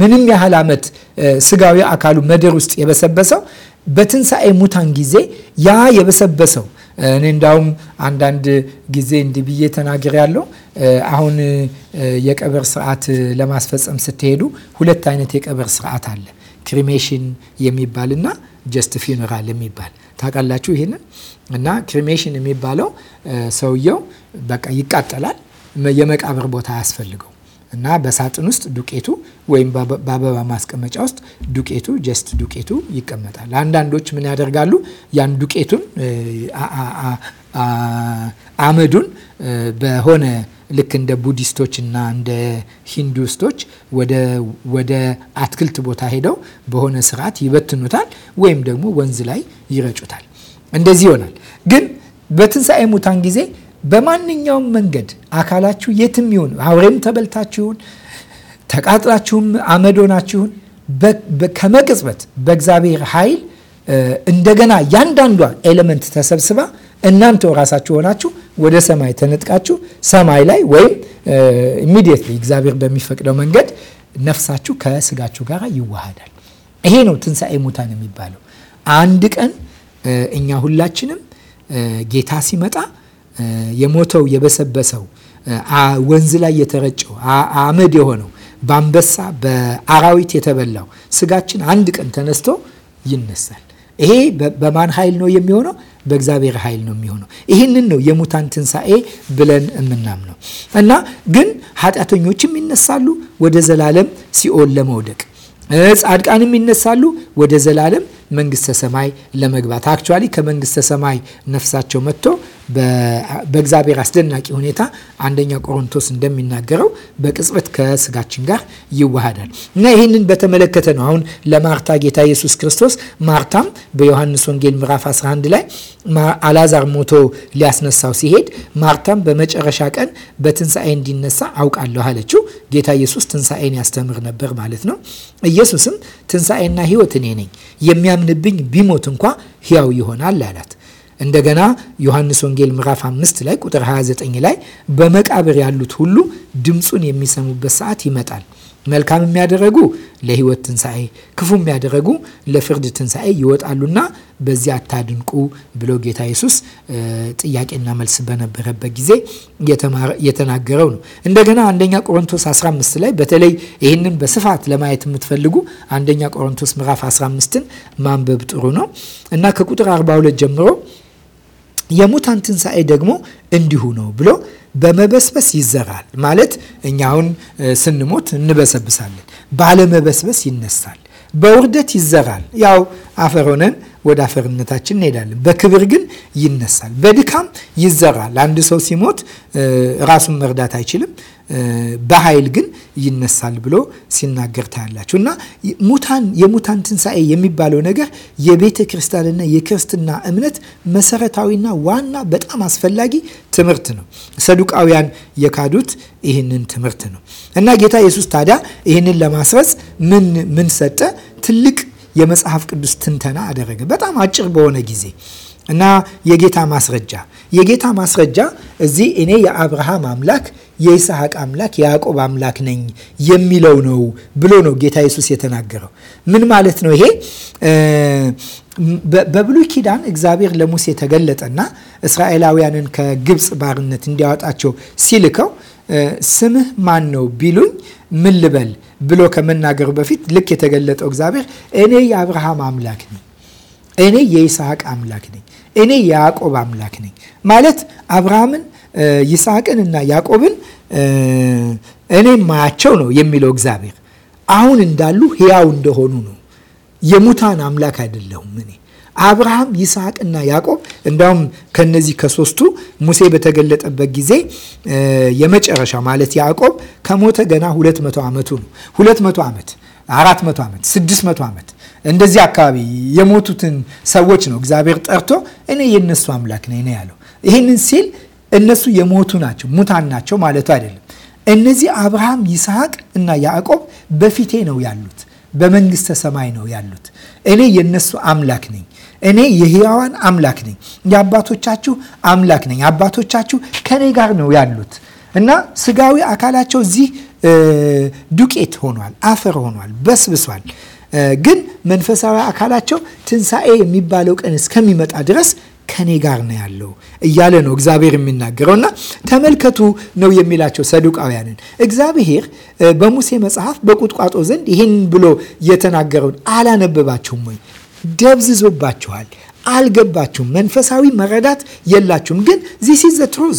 ምንም ያህል ዓመት ስጋዊ አካሉ መድር ውስጥ የበሰበሰው በትንሣኤ ሙታን ጊዜ ያ የበሰበሰው እኔ እንዳውም አንዳንድ ጊዜ እንዲህ ብዬ ተናግር ያለው አሁን የቀብር ስርዓት ለማስፈጸም ስትሄዱ ሁለት አይነት የቀብር ስርዓት አለ። ክሪሜሽን የሚባልና ጀስት ፊኑራል የሚባል ታውቃላችሁ ይህንን እና ክሪሜሽን የሚባለው ሰውየው በቃ ይቃጠላል። የመቃብር ቦታ አያስፈልገው እና በሳጥን ውስጥ ዱቄቱ ወይም በአበባ ማስቀመጫ ውስጥ ዱቄቱ ጀስት ዱቄቱ ይቀመጣል። አንዳንዶች ምን ያደርጋሉ? ያን ዱቄቱን አመዱን በሆነ ልክ እንደ ቡዲስቶች እና እንደ ሂንዱስቶች ወደ አትክልት ቦታ ሄደው በሆነ ስርዓት ይበትኑታል፣ ወይም ደግሞ ወንዝ ላይ ይረጩታል። እንደዚህ ይሆናል። ግን በትንሣኤ ሙታን ጊዜ በማንኛውም መንገድ አካላችሁ የትም ይሁን አውሬም ተበልታችሁን ተቃጥላችሁም አመድ ሆናችሁን ከመቅጽበት በእግዚአብሔር ኃይል እንደገና ያንዳንዷ ኤሌመንት ተሰብስባ እናንተው ራሳችሁ ሆናችሁ ወደ ሰማይ ተነጥቃችሁ ሰማይ ላይ ወይም ኢሚዲየትሊ እግዚአብሔር በሚፈቅደው መንገድ ነፍሳችሁ ከስጋችሁ ጋር ይዋሃዳል። ይሄ ነው ትንሣኤ ሙታን የሚባለው። አንድ ቀን እኛ ሁላችንም ጌታ ሲመጣ የሞተው የበሰበሰው ወንዝ ላይ የተረጨው አመድ የሆነው በአንበሳ በአራዊት የተበላው ስጋችን አንድ ቀን ተነስቶ ይነሳል። ይሄ በማን ኃይል ነው የሚሆነው? በእግዚአብሔር ኃይል ነው የሚሆነው። ይህንን ነው የሙታን ትንሣኤ ብለን የምናምነው እና ግን ኃጢአተኞችም ይነሳሉ ወደ ዘላለም ሲኦል ለመውደቅ፣ ጻድቃንም ይነሳሉ ወደ ዘላለም መንግስተ ሰማይ ለመግባት አክቹዋሊ ከመንግስተ ሰማይ ነፍሳቸው መጥቶ በእግዚአብሔር አስደናቂ ሁኔታ አንደኛ ቆሮንቶስ እንደሚናገረው በቅጽበት ከስጋችን ጋር ይዋሃዳል እና ይህንን በተመለከተ ነው አሁን ለማርታ ጌታ ኢየሱስ ክርስቶስ ማርታም በዮሐንስ ወንጌል ምዕራፍ 11 ላይ አላዛር ሞቶ ሊያስነሳው ሲሄድ ማርታም በመጨረሻ ቀን በትንሣኤ እንዲነሳ አውቃለሁ አለችው። ጌታ ኢየሱስ ትንሣኤን ያስተምር ነበር ማለት ነው። ኢየሱስም ትንሣኤና ህይወት እኔ ነኝ የሚያ ቢያምንብኝ ቢሞት እንኳ ሕያው ይሆናል አላት። እንደገና ዮሐንስ ወንጌል ምዕራፍ 5 ላይ ቁጥር 29 ላይ በመቃብር ያሉት ሁሉ ድምፁን የሚሰሙበት ሰዓት ይመጣል መልካም የሚያደረጉ ለህይወት ትንሣኤ፣ ክፉ የሚያደረጉ ለፍርድ ትንሣኤ ይወጣሉና በዚህ አታድንቁ ብሎ ጌታ ኢየሱስ ጥያቄና መልስ በነበረበት ጊዜ የተናገረው ነው። እንደገና አንደኛ ቆሮንቶስ 15 ላይ በተለይ ይህንን በስፋት ለማየት የምትፈልጉ አንደኛ ቆሮንቶስ ምዕራፍ 15ን ማንበብ ጥሩ ነው እና ከቁጥር 42 ጀምሮ የሙታን ትንሣኤ ደግሞ እንዲሁ ነው ብሎ በመበስበስ ይዘራል ማለት እኛ አሁን ስንሞት እንበሰብሳለን። ባለመበስበስ ይነሳል። በውርደት ይዘራል። ያው አፈር ሆነን ወደ አፈርነታችን እንሄዳለን። በክብር ግን ይነሳል። በድካም ይዘራል። አንድ ሰው ሲሞት ራሱን መርዳት አይችልም። በኃይል ግን ይነሳል ብሎ ሲናገር ታያላችሁ። እና ሙታን የሙታን ትንሣኤ የሚባለው ነገር የቤተ ክርስቲያንና የክርስትና እምነት መሰረታዊና ዋና በጣም አስፈላጊ ትምህርት ነው። ሰዱቃውያን የካዱት ይህንን ትምህርት ነው እና ጌታ ኢየሱስ ታዲያ ይህንን ለማስረጽ ምን ምን ሰጠ? ትልቅ የመጽሐፍ ቅዱስ ትንተና አደረገ በጣም አጭር በሆነ ጊዜ እና የጌታ ማስረጃ የጌታ ማስረጃ እዚህ እኔ የአብርሃም አምላክ የይስሐቅ አምላክ የያዕቆብ አምላክ ነኝ የሚለው ነው ብሎ ነው ጌታ ኢየሱስ የተናገረው። ምን ማለት ነው ይሄ? በብሉይ ኪዳን እግዚአብሔር ለሙሴ ተገለጠና እስራኤላውያንን ከግብፅ ባርነት እንዲያወጣቸው ሲልከው ስምህ ማን ነው ቢሉኝ ምን ልበል ብሎ ከመናገሩ በፊት ልክ የተገለጠው እግዚአብሔር እኔ የአብርሃም አምላክ ነኝ፣ እኔ የይስሐቅ አምላክ ነኝ፣ እኔ የያዕቆብ አምላክ ነኝ ማለት አብርሃምን ይስሐቅን እና ያዕቆብን እኔ ማያቸው ነው የሚለው እግዚአብሔር አሁን እንዳሉ ሕያው እንደሆኑ ነው። የሙታን አምላክ አይደለሁም እኔ አብርሃም፣ ይስሐቅ እና ያዕቆብ እንዲያውም ከነዚህ ከሶስቱ ሙሴ በተገለጠበት ጊዜ የመጨረሻ ማለት ያዕቆብ ከሞተ ገና 200 ዓመቱ ነው። 200 ዓመት፣ 400 ዓመት፣ 600 ዓመት እንደዚህ አካባቢ የሞቱትን ሰዎች ነው እግዚአብሔር ጠርቶ እኔ የእነሱ አምላክ ነኝ ያለው። ይህንን ሲል እነሱ የሞቱ ናቸው ሙታን ናቸው ማለቱ አይደለም። እነዚህ አብርሃም፣ ይስሐቅ እና ያዕቆብ በፊቴ ነው ያሉት በመንግስተ ሰማይ ነው ያሉት። እኔ የነሱ አምላክ ነኝ። እኔ የህያዋን አምላክ ነኝ፣ የአባቶቻችሁ አምላክ ነኝ። አባቶቻችሁ ከኔ ጋር ነው ያሉት እና ስጋዊ አካላቸው እዚህ ዱቄት ሆኗል፣ አፈር ሆኗል፣ በስብሷል። ግን መንፈሳዊ አካላቸው ትንሣኤ የሚባለው ቀን እስከሚመጣ ድረስ ከኔ ጋር ነው ያለው እያለ ነው እግዚአብሔር የሚናገረው። እና ተመልከቱ ነው የሚላቸው ሰዱቃውያንን። እግዚአብሔር በሙሴ መጽሐፍ በቁጥቋጦ ዘንድ ይህን ብሎ የተናገረውን አላነበባችሁም ወይ? ደብዝዞባችኋል። አልገባችሁም። መንፈሳዊ መረዳት የላችሁም። ግን ዚስ ዘ ትሩዝ፣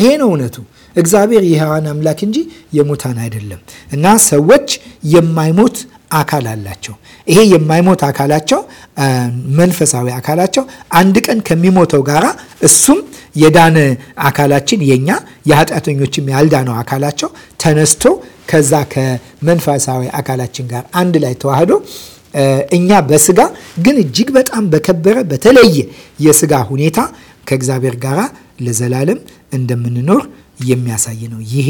ይሄ ነው እውነቱ። እግዚአብሔር የሕያዋን አምላክ እንጂ የሙታን አይደለም እና ሰዎች የማይሞት አካል አላቸው። ይሄ የማይሞት አካላቸው መንፈሳዊ አካላቸው አንድ ቀን ከሚሞተው ጋራ እሱም የዳነ አካላችን የኛ የኃጢአተኞችም ያልዳነው አካላቸው ተነስቶ ከዛ ከመንፈሳዊ አካላችን ጋር አንድ ላይ ተዋህዶ እኛ በስጋ ግን እጅግ በጣም በከበረ በተለየ የስጋ ሁኔታ ከእግዚአብሔር ጋር ለዘላለም እንደምንኖር የሚያሳይ ነው። ይሄ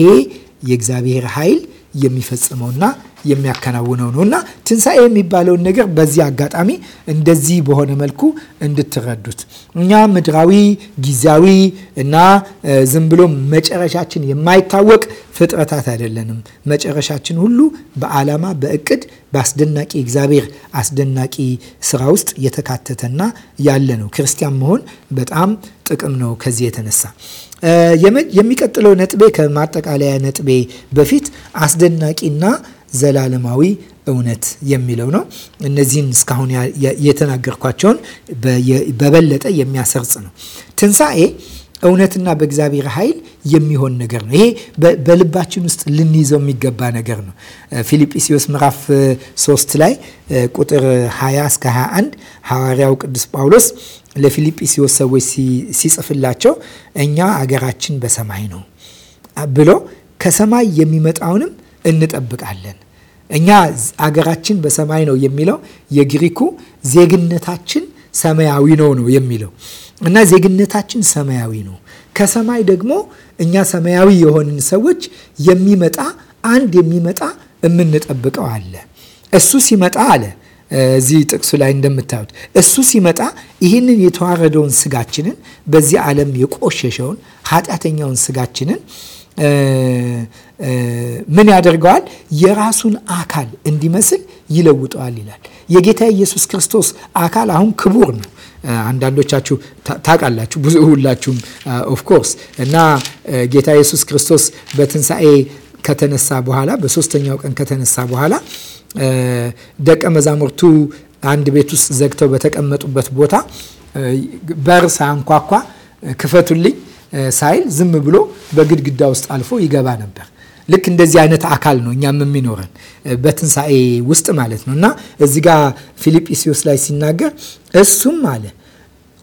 የእግዚአብሔር ኃይል የሚፈጽመውና የሚያከናውነው ነው እና ትንሣኤ የሚባለውን ነገር በዚህ አጋጣሚ እንደዚህ በሆነ መልኩ እንድትረዱት እኛ ምድራዊ፣ ጊዜያዊ እና ዝም ብሎ መጨረሻችን የማይታወቅ ፍጥረታት አይደለንም። መጨረሻችን ሁሉ በዓላማ፣ በእቅድ፣ በአስደናቂ እግዚአብሔር አስደናቂ ስራ ውስጥ የተካተተና ያለ ነው። ክርስቲያን መሆን በጣም ጥቅም ነው ከዚህ የተነሳ የሚቀጥለው ነጥቤ ከማጠቃለያ ነጥቤ በፊት አስደናቂና ዘላለማዊ እውነት የሚለው ነው። እነዚህን እስካሁን የተናገርኳቸውን በበለጠ የሚያሰርጽ ነው። ትንሣኤ እውነትና በእግዚአብሔር ኃይል የሚሆን ነገር ነው። ይሄ በልባችን ውስጥ ልንይዘው የሚገባ ነገር ነው። ፊልጵስዩስ ምዕራፍ 3 ላይ ቁጥር 20 እስከ 21 ሐዋርያው ቅዱስ ጳውሎስ ለፊልጵስዩስ ሰዎች ሲጽፍላቸው እኛ ሀገራችን በሰማይ ነው ብሎ ከሰማይ የሚመጣውንም እንጠብቃለን። እኛ አገራችን በሰማይ ነው የሚለው የግሪኩ ዜግነታችን ሰማያዊ ነው ነው የሚለው እና ዜግነታችን ሰማያዊ ነው። ከሰማይ ደግሞ እኛ ሰማያዊ የሆንን ሰዎች የሚመጣ አንድ የሚመጣ የምንጠብቀው አለ። እሱ ሲመጣ አለ እዚህ ጥቅሱ ላይ እንደምታዩት እሱ ሲመጣ ይህንን የተዋረደውን ስጋችንን በዚህ ዓለም የቆሸሸውን ኃጢአተኛውን ስጋችንን ምን ያደርገዋል? የራሱን አካል እንዲመስል ይለውጠዋል ይላል። የጌታ ኢየሱስ ክርስቶስ አካል አሁን ክቡር ነው። አንዳንዶቻችሁ ታውቃላችሁ፣ ብዙ ሁላችሁም ኦፍኮርስ እና ጌታ ኢየሱስ ክርስቶስ በትንሣኤ ከተነሳ በኋላ በሶስተኛው ቀን ከተነሳ በኋላ ደቀ መዛሙርቱ አንድ ቤት ውስጥ ዘግተው በተቀመጡበት ቦታ በር ሳያንኳኳ ክፈቱልኝ ሳይል ዝም ብሎ በግድግዳ ውስጥ አልፎ ይገባ ነበር። ልክ እንደዚህ አይነት አካል ነው እኛም የሚኖረን በትንሣኤ ውስጥ ማለት ነው። እና እዚ ጋ ፊልጵስዩስ ላይ ሲናገር እሱም አለ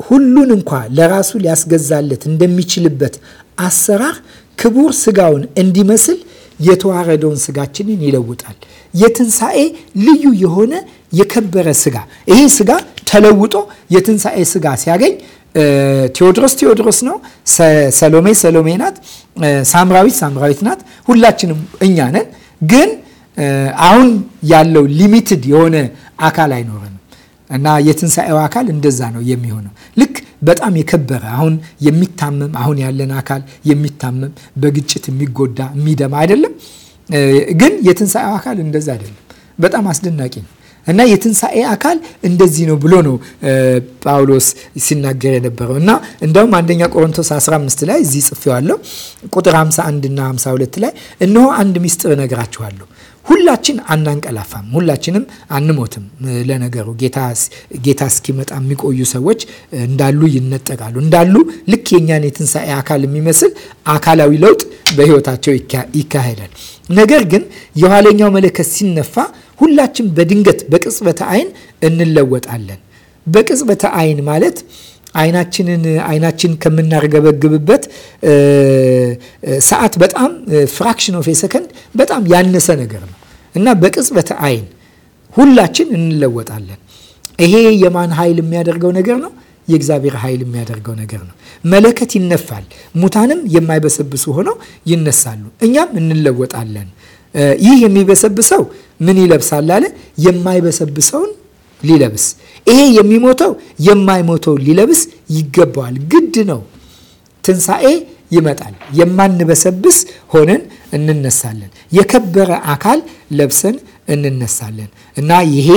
ሁሉን እንኳ ለራሱ ሊያስገዛለት እንደሚችልበት አሰራር ክቡር ስጋውን እንዲመስል የተዋረደውን ስጋችንን ይለውጣል። የትንሣኤ ልዩ የሆነ የከበረ ስጋ ይሄ ስጋ ተለውጦ የትንሣኤ ስጋ ሲያገኝ ቴዎድሮስ ቴዎድሮስ ነው፣ ሰሎሜ ሰሎሜ ናት፣ ሳምራዊት ሳምራዊት ናት፣ ሁላችንም እኛ ነን። ግን አሁን ያለው ሊሚትድ የሆነ አካል አይኖረንም። እና የትንሣኤው አካል እንደዛ ነው የሚሆነው። ልክ በጣም የከበረ አሁን የሚታመም አሁን ያለን አካል የሚታመም በግጭት የሚጎዳ የሚደማ አይደለም። ግን የትንሣኤው አካል እንደዛ አይደለም። በጣም አስደናቂ ነው። እና የትንሣኤ አካል እንደዚህ ነው ብሎ ነው ጳውሎስ ሲናገር የነበረው። እና እንደውም አንደኛ ቆሮንቶስ 15 ላይ እዚህ ጽፌዋለሁ ቁጥር 51 እና 52 ላይ እነሆ አንድ ሚስጥር እነግራችኋለሁ ሁላችን አናንቀላፋም፣ ሁላችንም አንሞትም። ለነገሩ ጌታ እስኪመጣ የሚቆዩ ሰዎች እንዳሉ ይነጠቃሉ። እንዳሉ ልክ የእኛን የትንሣኤ አካል የሚመስል አካላዊ ለውጥ በህይወታቸው ይካሄዳል። ነገር ግን የኋለኛው መለከት ሲነፋ ሁላችን በድንገት በቅጽበተ አይን እንለወጣለን። በቅጽበተ አይን ማለት አይናችንን አይናችን ከምናርገበግብበት ሰዓት በጣም ፍራክሽን ኦፍ ሰከንድ በጣም ያነሰ ነገር ነው እና በቅጽበት አይን ሁላችን እንለወጣለን። ይሄ የማን ኃይል የሚያደርገው ነገር ነው? የእግዚአብሔር ኃይል የሚያደርገው ነገር ነው። መለከት ይነፋል፣ ሙታንም የማይበሰብሱ ሆነው ይነሳሉ፣ እኛም እንለወጣለን። ይህ የሚበሰብሰው ምን ይለብሳል አለ? የማይበሰብሰውን ሊለብስ ይሄ የሚሞተው የማይሞተው ሊለብስ ይገባዋል። ግድ ነው። ትንሣኤ ይመጣል። የማንበሰብስ ሆነን እንነሳለን። የከበረ አካል ለብሰን እንነሳለን እና ይሄ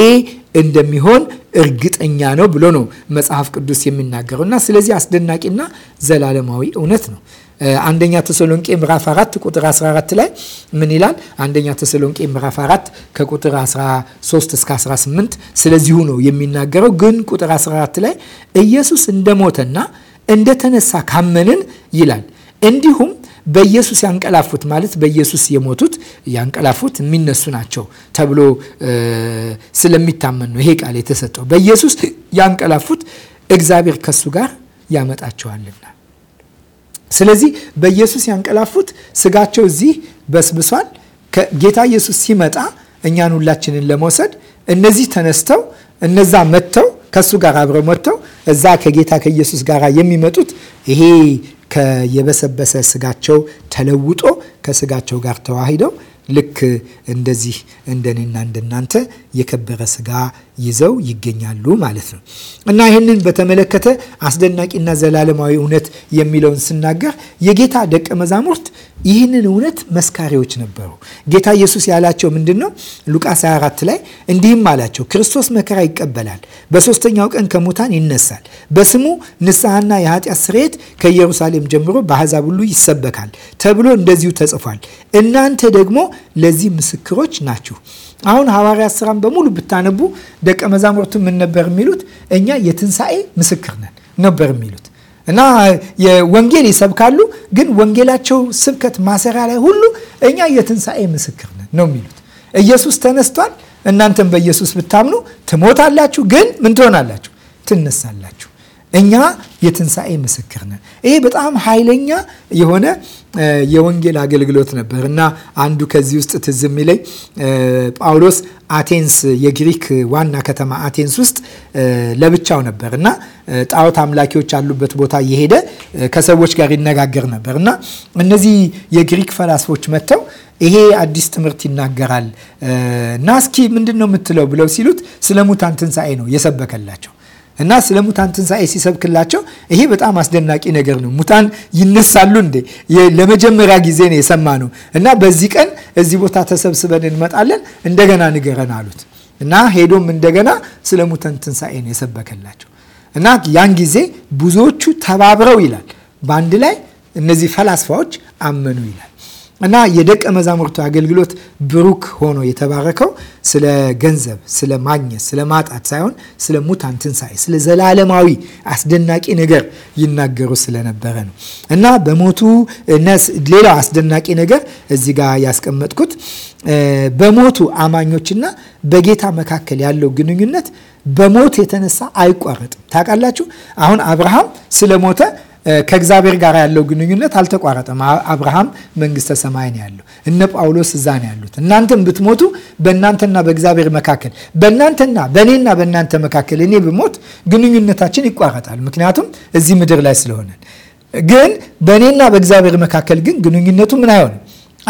እንደሚሆን እርግጠኛ ነው ብሎ ነው መጽሐፍ ቅዱስ የሚናገረው እና ስለዚህ አስደናቂና ዘላለማዊ እውነት ነው። አንደኛ ተሰሎንቄ ምዕራፍ 4 ቁጥር 14 ላይ ምን ይላል? አንደኛ ተሰሎንቄ ምዕራፍ 4 ከቁጥር 13 እስከ 18 ስለዚሁ ነው የሚናገረው። ግን ቁጥር 14 ላይ ኢየሱስ እንደሞተና እንደተነሳ ካመንን ይላል እንዲሁም በኢየሱስ ያንቀላፉት ማለት በኢየሱስ የሞቱት ያንቀላፉት የሚነሱ ናቸው ተብሎ ስለሚታመን ነው ይሄ ቃል የተሰጠው። በኢየሱስ ያንቀላፉት እግዚአብሔር ከሱ ጋር ያመጣቸዋልና ስለዚህ በኢየሱስ ያንቀላፉት ስጋቸው እዚህ በስብሷል። ጌታ ኢየሱስ ሲመጣ እኛን ሁላችንን ለመውሰድ እነዚህ ተነስተው እነዛ መጥተው ከእሱ ጋር አብረው መጥተው እዛ ከጌታ ከኢየሱስ ጋር የሚመጡት ይሄ የበሰበሰ ስጋቸው ተለውጦ ከስጋቸው ጋር ተዋሂደው ልክ እንደዚህ እንደኔና እንደናንተ የከበረ ስጋ ይዘው ይገኛሉ ማለት ነው እና ይህንን በተመለከተ አስደናቂና ዘላለማዊ እውነት የሚለውን ስናገር የጌታ ደቀ መዛሙርት ይህንን እውነት መስካሪዎች ነበሩ። ጌታ ኢየሱስ ያላቸው ምንድን ነው? ሉቃስ 24 ላይ እንዲህም አላቸው፣ ክርስቶስ መከራ ይቀበላል፣ በሶስተኛው ቀን ከሙታን ይነሳል፣ በስሙ ንስሐና የኃጢአት ስርየት ከኢየሩሳሌም ጀምሮ በአሕዛብ ሁሉ ይሰበካል ተብሎ እንደዚሁ ተጽፏል። እናንተ ደግሞ ለዚህ ምስክሮች ናችሁ። አሁን ሐዋርያት ስራም በሙሉ ብታነቡ ደቀ መዛሙርቱ ምን ነበር የሚሉት? እኛ የትንሣኤ ምስክር ነን ነበር የሚሉት እና ወንጌል ይሰብካሉ፣ ግን ወንጌላቸው ስብከት ማሰሪያ ላይ ሁሉ እኛ የትንሣኤ ምስክር ነን ነው የሚሉት። ኢየሱስ ተነስቷል፣ እናንተም በኢየሱስ ብታምኑ ትሞታላችሁ፣ ግን ምን ትሆናላችሁ? ትነሳላችሁ። እኛ የትንሣኤ ምስክር ነን። ይሄ በጣም ኃይለኛ የሆነ የወንጌል አገልግሎት ነበር እና አንዱ ከዚህ ውስጥ ትዝ የሚለኝ ጳውሎስ አቴንስ የግሪክ ዋና ከተማ አቴንስ ውስጥ ለብቻው ነበር እና ጣዖት አምላኪዎች ያሉበት ቦታ እየሄደ ከሰዎች ጋር ይነጋገር ነበር እና እነዚህ የግሪክ ፈላስፎች መጥተው ይሄ አዲስ ትምህርት ይናገራል እና እስኪ ምንድን ነው የምትለው ብለው ሲሉት ስለ ሙታን ትንሣኤ ነው የሰበከላቸው እና ስለ ሙታን ትንሣኤ ሲሰብክላቸው ይሄ በጣም አስደናቂ ነገር ነው። ሙታን ይነሳሉ እንዴ? ለመጀመሪያ ጊዜ ነው የሰማ ነው። እና በዚህ ቀን እዚህ ቦታ ተሰብስበን እንመጣለን እንደገና ንገረን አሉት። እና ሄዶም እንደገና ስለ ሙታን ትንሣኤ ነው የሰበከላቸው። እና ያን ጊዜ ብዙዎቹ ተባብረው ይላል በአንድ ላይ እነዚህ ፈላስፋዎች አመኑ ይላል እና የደቀ መዛሙርቱ አገልግሎት ብሩክ ሆኖ የተባረከው ስለ ገንዘብ፣ ስለ ማግኘት፣ ስለ ማጣት ሳይሆን ስለ ሙታን ትንሣኤ፣ ስለ ዘላለማዊ አስደናቂ ነገር ይናገሩ ስለነበረ ነው እና በሞቱ ሌላው አስደናቂ ነገር እዚ ጋ ያስቀመጥኩት በሞቱ አማኞችና በጌታ መካከል ያለው ግንኙነት በሞት የተነሳ አይቋረጥም። ታውቃላችሁ አሁን አብርሃም ስለሞተ ከእግዚአብሔር ጋር ያለው ግንኙነት አልተቋረጠም። አብርሃም መንግስተ ሰማይ ነው ያለው። እነ ጳውሎስ እዛ ነው ያሉት። እናንተም ብትሞቱ በእናንተና በእግዚአብሔር መካከል በእናንተና በእኔና በእናንተ መካከል እኔ ብሞት ግንኙነታችን ይቋረጣል። ምክንያቱም እዚህ ምድር ላይ ስለሆነ ግን በእኔና በእግዚአብሔር መካከል ግን ግንኙነቱ ምን አይሆንም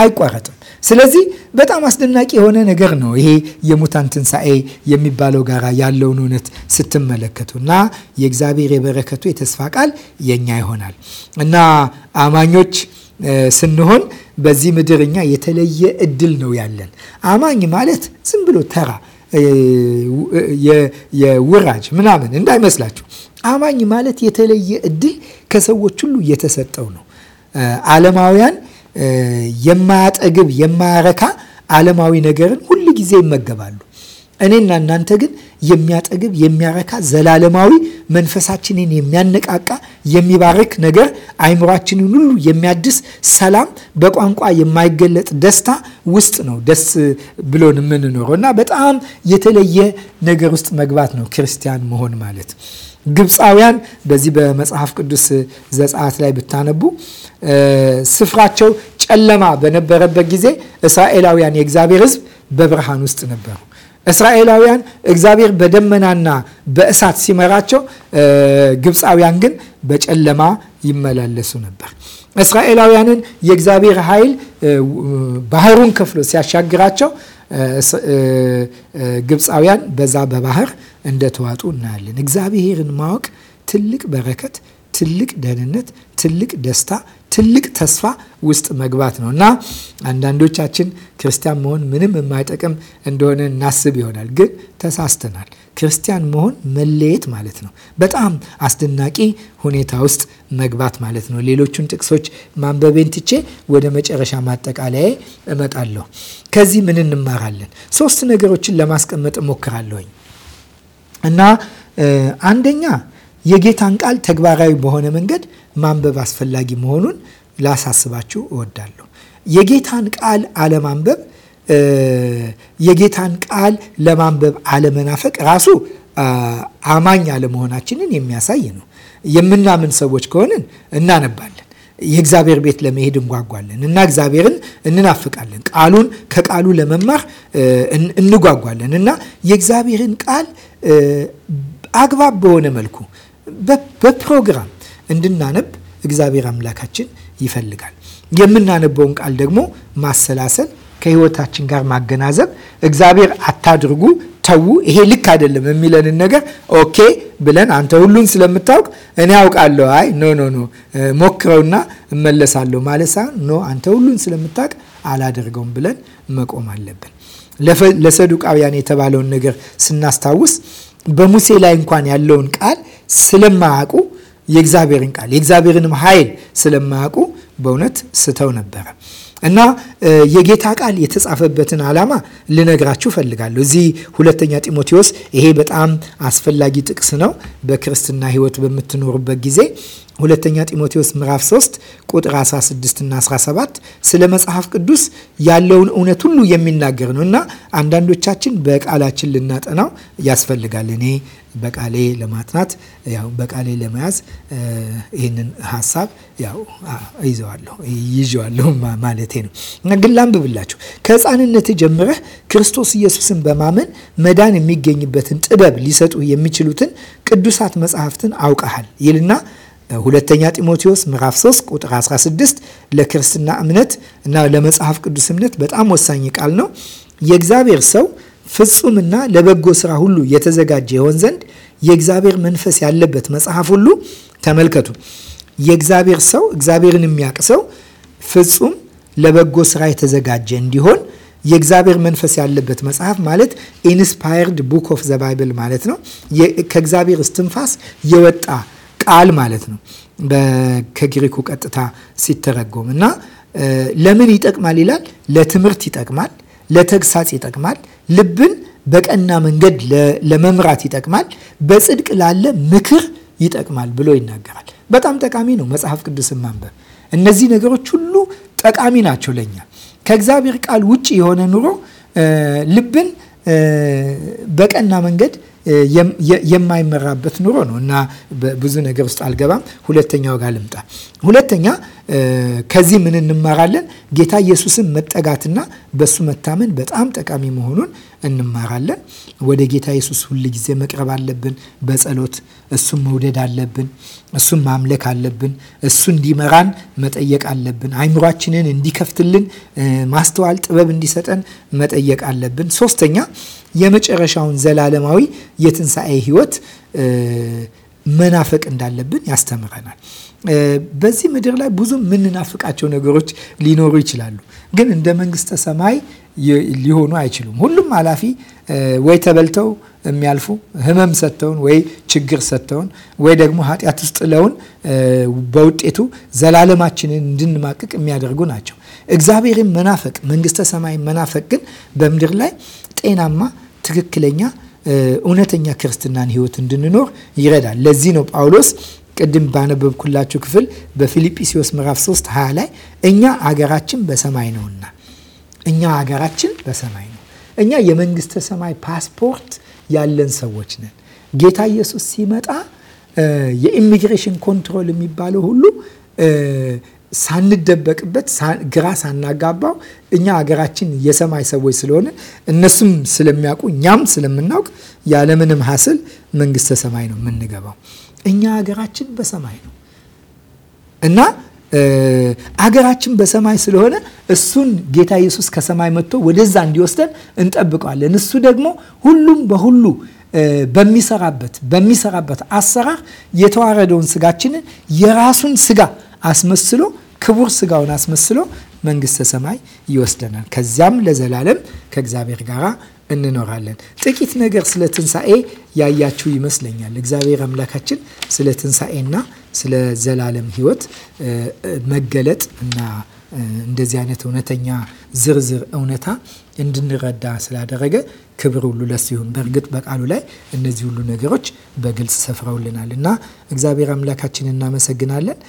አይቋረጥም። ስለዚህ በጣም አስደናቂ የሆነ ነገር ነው ይሄ የሙታን ትንሣኤ የሚባለው ጋራ ያለውን እውነት ስትመለከቱ እና የእግዚአብሔር የበረከቱ የተስፋ ቃል የኛ ይሆናል እና አማኞች ስንሆን በዚህ ምድር እኛ የተለየ እድል ነው ያለን። አማኝ ማለት ዝም ብሎ ተራ የውራጅ ምናምን እንዳይመስላችሁ። አማኝ ማለት የተለየ እድል ከሰዎች ሁሉ የተሰጠው ነው። አለማውያን የማያጠግብ የማያረካ ዓለማዊ ነገርን ሁል ጊዜ ይመገባሉ። እኔና እናንተ ግን የሚያጠግብ የሚያረካ ዘላለማዊ መንፈሳችንን የሚያነቃቃ የሚባርክ ነገር አይምሯችንን ሁሉ የሚያድስ ሰላም፣ በቋንቋ የማይገለጥ ደስታ ውስጥ ነው ደስ ብሎን የምንኖረው እና በጣም የተለየ ነገር ውስጥ መግባት ነው ክርስቲያን መሆን ማለት ግብፃውያን በዚህ በመጽሐፍ ቅዱስ ዘጸአት ላይ ብታነቡ ስፍራቸው ጨለማ በነበረበት ጊዜ እስራኤላውያን የእግዚአብሔር ሕዝብ በብርሃን ውስጥ ነበሩ። እስራኤላውያን እግዚአብሔር በደመናና በእሳት ሲመራቸው፣ ግብፃውያን ግን በጨለማ ይመላለሱ ነበር። እስራኤላውያንን የእግዚአብሔር ኃይል ባህሩን ከፍሎ ሲያሻግራቸው ግብፃውያን በዛ በባህር እንደተዋጡ እናያለን። እግዚአብሔርን ማወቅ ትልቅ በረከት፣ ትልቅ ደህንነት፣ ትልቅ ደስታ፣ ትልቅ ተስፋ ውስጥ መግባት ነው እና አንዳንዶቻችን ክርስቲያን መሆን ምንም የማይጠቅም እንደሆነ እናስብ ይሆናል፣ ግን ተሳስተናል። ክርስቲያን መሆን መለየት ማለት ነው። በጣም አስደናቂ ሁኔታ ውስጥ መግባት ማለት ነው። ሌሎቹን ጥቅሶች ማንበቤን ትቼ ወደ መጨረሻ ማጠቃለያ እመጣለሁ። ከዚህ ምን እንማራለን? ሶስት ነገሮችን ለማስቀመጥ እሞክራለሁኝ። እና አንደኛ የጌታን ቃል ተግባራዊ በሆነ መንገድ ማንበብ አስፈላጊ መሆኑን ላሳስባችሁ እወዳለሁ። የጌታን ቃል አለማንበብ የጌታን ቃል ለማንበብ አለመናፈቅ ራሱ አማኝ አለመሆናችንን የሚያሳይ ነው። የምናምን ሰዎች ከሆንን እናነባለን። የእግዚአብሔር ቤት ለመሄድ እንጓጓለን እና እግዚአብሔርን እንናፍቃለን። ቃሉን ከቃሉ ለመማር እንጓጓለን እና የእግዚአብሔርን ቃል አግባብ በሆነ መልኩ በፕሮግራም እንድናነብ እግዚአብሔር አምላካችን ይፈልጋል። የምናነበውን ቃል ደግሞ ማሰላሰል ከህይወታችን ጋር ማገናዘብ እግዚአብሔር አታድርጉ፣ ተዉ፣ ይሄ ልክ አይደለም የሚለንን ነገር ኦኬ ብለን አንተ ሁሉን ስለምታውቅ እኔ አውቃለሁ፣ አይ ኖ ኖ ኖ ሞክረውና እመለሳለሁ ማለት ሳይሆን ኖ አንተ ሁሉን ስለምታውቅ አላደርገውም ብለን መቆም አለብን። ለሰዱቃውያን የተባለውን ነገር ስናስታውስ በሙሴ ላይ እንኳን ያለውን ቃል ስለማያውቁ የእግዚአብሔርን ቃል የእግዚአብሔርንም ኃይል ስለማያውቁ በእውነት ስተው ነበረ። እና የጌታ ቃል የተጻፈበትን ዓላማ ልነግራችሁ ፈልጋለሁ። እዚህ ሁለተኛ ጢሞቴዎስ ይሄ በጣም አስፈላጊ ጥቅስ ነው። በክርስትና ሕይወት በምትኖሩበት ጊዜ ሁለተኛ ጢሞቴዎስ ምዕራፍ 3 ቁጥር 16 እና 17 ስለ መጽሐፍ ቅዱስ ያለውን እውነት ሁሉ የሚናገር ነው እና አንዳንዶቻችን በቃላችን ልናጠናው ያስፈልጋል። እኔ በቃሌ ለማጥናት ያው በቃሌ ለመያዝ ይህንን ሀሳብ ያው ይዘዋለሁ ይዋለሁ ማለቴ ነው ግን ላንብብላችሁ። ከህፃንነት ጀምረህ ክርስቶስ ኢየሱስን በማመን መዳን የሚገኝበትን ጥበብ ሊሰጡ የሚችሉትን ቅዱሳት መጽሐፍትን አውቀሃል ይልና ሁለተኛ ጢሞቴዎስ ምዕራፍ 3 ቁጥር 16 ለክርስትና እምነት እና ለመጽሐፍ ቅዱስ እምነት በጣም ወሳኝ ቃል ነው። የእግዚአብሔር ሰው ፍጹምና ለበጎ ስራ ሁሉ የተዘጋጀ ይሆን ዘንድ የእግዚአብሔር መንፈስ ያለበት መጽሐፍ ሁሉ ተመልከቱ። የእግዚአብሔር ሰው እግዚአብሔርን የሚያውቅ ሰው ፍጹም ለበጎ ስራ የተዘጋጀ እንዲሆን የእግዚአብሔር መንፈስ ያለበት መጽሐፍ ማለት ኢንስፓየርድ ቡክ ኦፍ ዘ ባይብል ማለት ነው። ከእግዚአብሔር እስትንፋስ የወጣ ቃል ማለት ነው ከግሪኩ ቀጥታ ሲተረጎም እና ለምን ይጠቅማል ይላል? ለትምህርት ይጠቅማል፣ ለተግሳጽ ይጠቅማል፣ ልብን በቀና መንገድ ለመምራት ይጠቅማል፣ በጽድቅ ላለ ምክር ይጠቅማል ብሎ ይናገራል። በጣም ጠቃሚ ነው መጽሐፍ ቅዱስን ማንበብ። እነዚህ ነገሮች ሁሉ ጠቃሚ ናቸው ለኛ። ከእግዚአብሔር ቃል ውጭ የሆነ ኑሮ ልብን በቀና መንገድ የማይመራበት ኑሮ ነው እና ብዙ ነገር ውስጥ አልገባም። ሁለተኛው ጋር ልምጣ። ሁለተኛ ከዚህ ምን እንማራለን? ጌታ ኢየሱስን መጠጋትና በሱ መታመን በጣም ጠቃሚ መሆኑን እንማራለን። ወደ ጌታ ኢየሱስ ሁል ጊዜ መቅረብ አለብን። በጸሎት እሱን መውደድ አለብን። እሱን ማምለክ አለብን። እሱ እንዲመራን መጠየቅ አለብን። አይምሯችንን እንዲከፍትልን ማስተዋል፣ ጥበብ እንዲሰጠን መጠየቅ አለብን። ሶስተኛ የመጨረሻውን ዘላለማዊ የትንሣኤ ህይወት መናፈቅ እንዳለብን ያስተምረናል። በዚህ ምድር ላይ ብዙ የምንናፍቃቸው ነገሮች ሊኖሩ ይችላሉ፣ ግን እንደ መንግስተ ሰማይ ሊሆኑ አይችሉም። ሁሉም ኃላፊ ወይ ተበልተው የሚያልፉ ህመም ሰጥተውን ወይ ችግር ሰጥተውን ወይ ደግሞ ኃጢአት ውስጥ ጥለውን በውጤቱ ዘላለማችንን እንድንማቅቅ የሚያደርጉ ናቸው። እግዚአብሔርን መናፈቅ፣ መንግስተ ሰማይን መናፈቅ ግን በምድር ላይ ጤናማ ትክክለኛ እውነተኛ ክርስትናን ህይወት እንድንኖር ይረዳል። ለዚህ ነው ጳውሎስ ቅድም ባነበብኩላችሁ ክፍል በፊልጵስዎስ ምዕራፍ 3 20 ላይ እኛ አገራችን በሰማይ ነውና እኛ አገራችን በሰማይ ነው። እኛ የመንግስተ ሰማይ ፓስፖርት ያለን ሰዎች ነን። ጌታ ኢየሱስ ሲመጣ የኢሚግሬሽን ኮንትሮል የሚባለው ሁሉ ሳንደበቅበት ግራ ሳናጋባው እኛ ሀገራችን የሰማይ ሰዎች ስለሆነ እነሱም ስለሚያውቁ እኛም ስለምናውቅ ያለምንም ሀስል መንግስተ ሰማይ ነው የምንገባው። እኛ ሀገራችን በሰማይ ነው እና አገራችን በሰማይ ስለሆነ እሱን ጌታ ኢየሱስ ከሰማይ መጥቶ ወደዛ እንዲወስደን እንጠብቀዋለን። እሱ ደግሞ ሁሉም በሁሉ በሚሰራበት በሚሰራበት አሰራር የተዋረደውን ስጋችንን የራሱን ስጋ አስመስሎ ክቡር ስጋውን አስመስሎ መንግስተ ሰማይ ይወስደናል። ከዚያም ለዘላለም ከእግዚአብሔር ጋራ ። እንኖራለን። ጥቂት ነገር ስለ ትንሣኤ ያያችሁ ይመስለኛል። እግዚአብሔር አምላካችን ስለ ትንሣኤና ስለ ዘላለም ሕይወት መገለጥ እና እንደዚህ አይነት እውነተኛ ዝርዝር እውነታ እንድንረዳ ስላደረገ ክብር ሁሉ ለሱ ይሁን። በእርግጥ በቃሉ ላይ እነዚህ ሁሉ ነገሮች በግልጽ ሰፍረውልናል እና እግዚአብሔር አምላካችን እናመሰግናለን።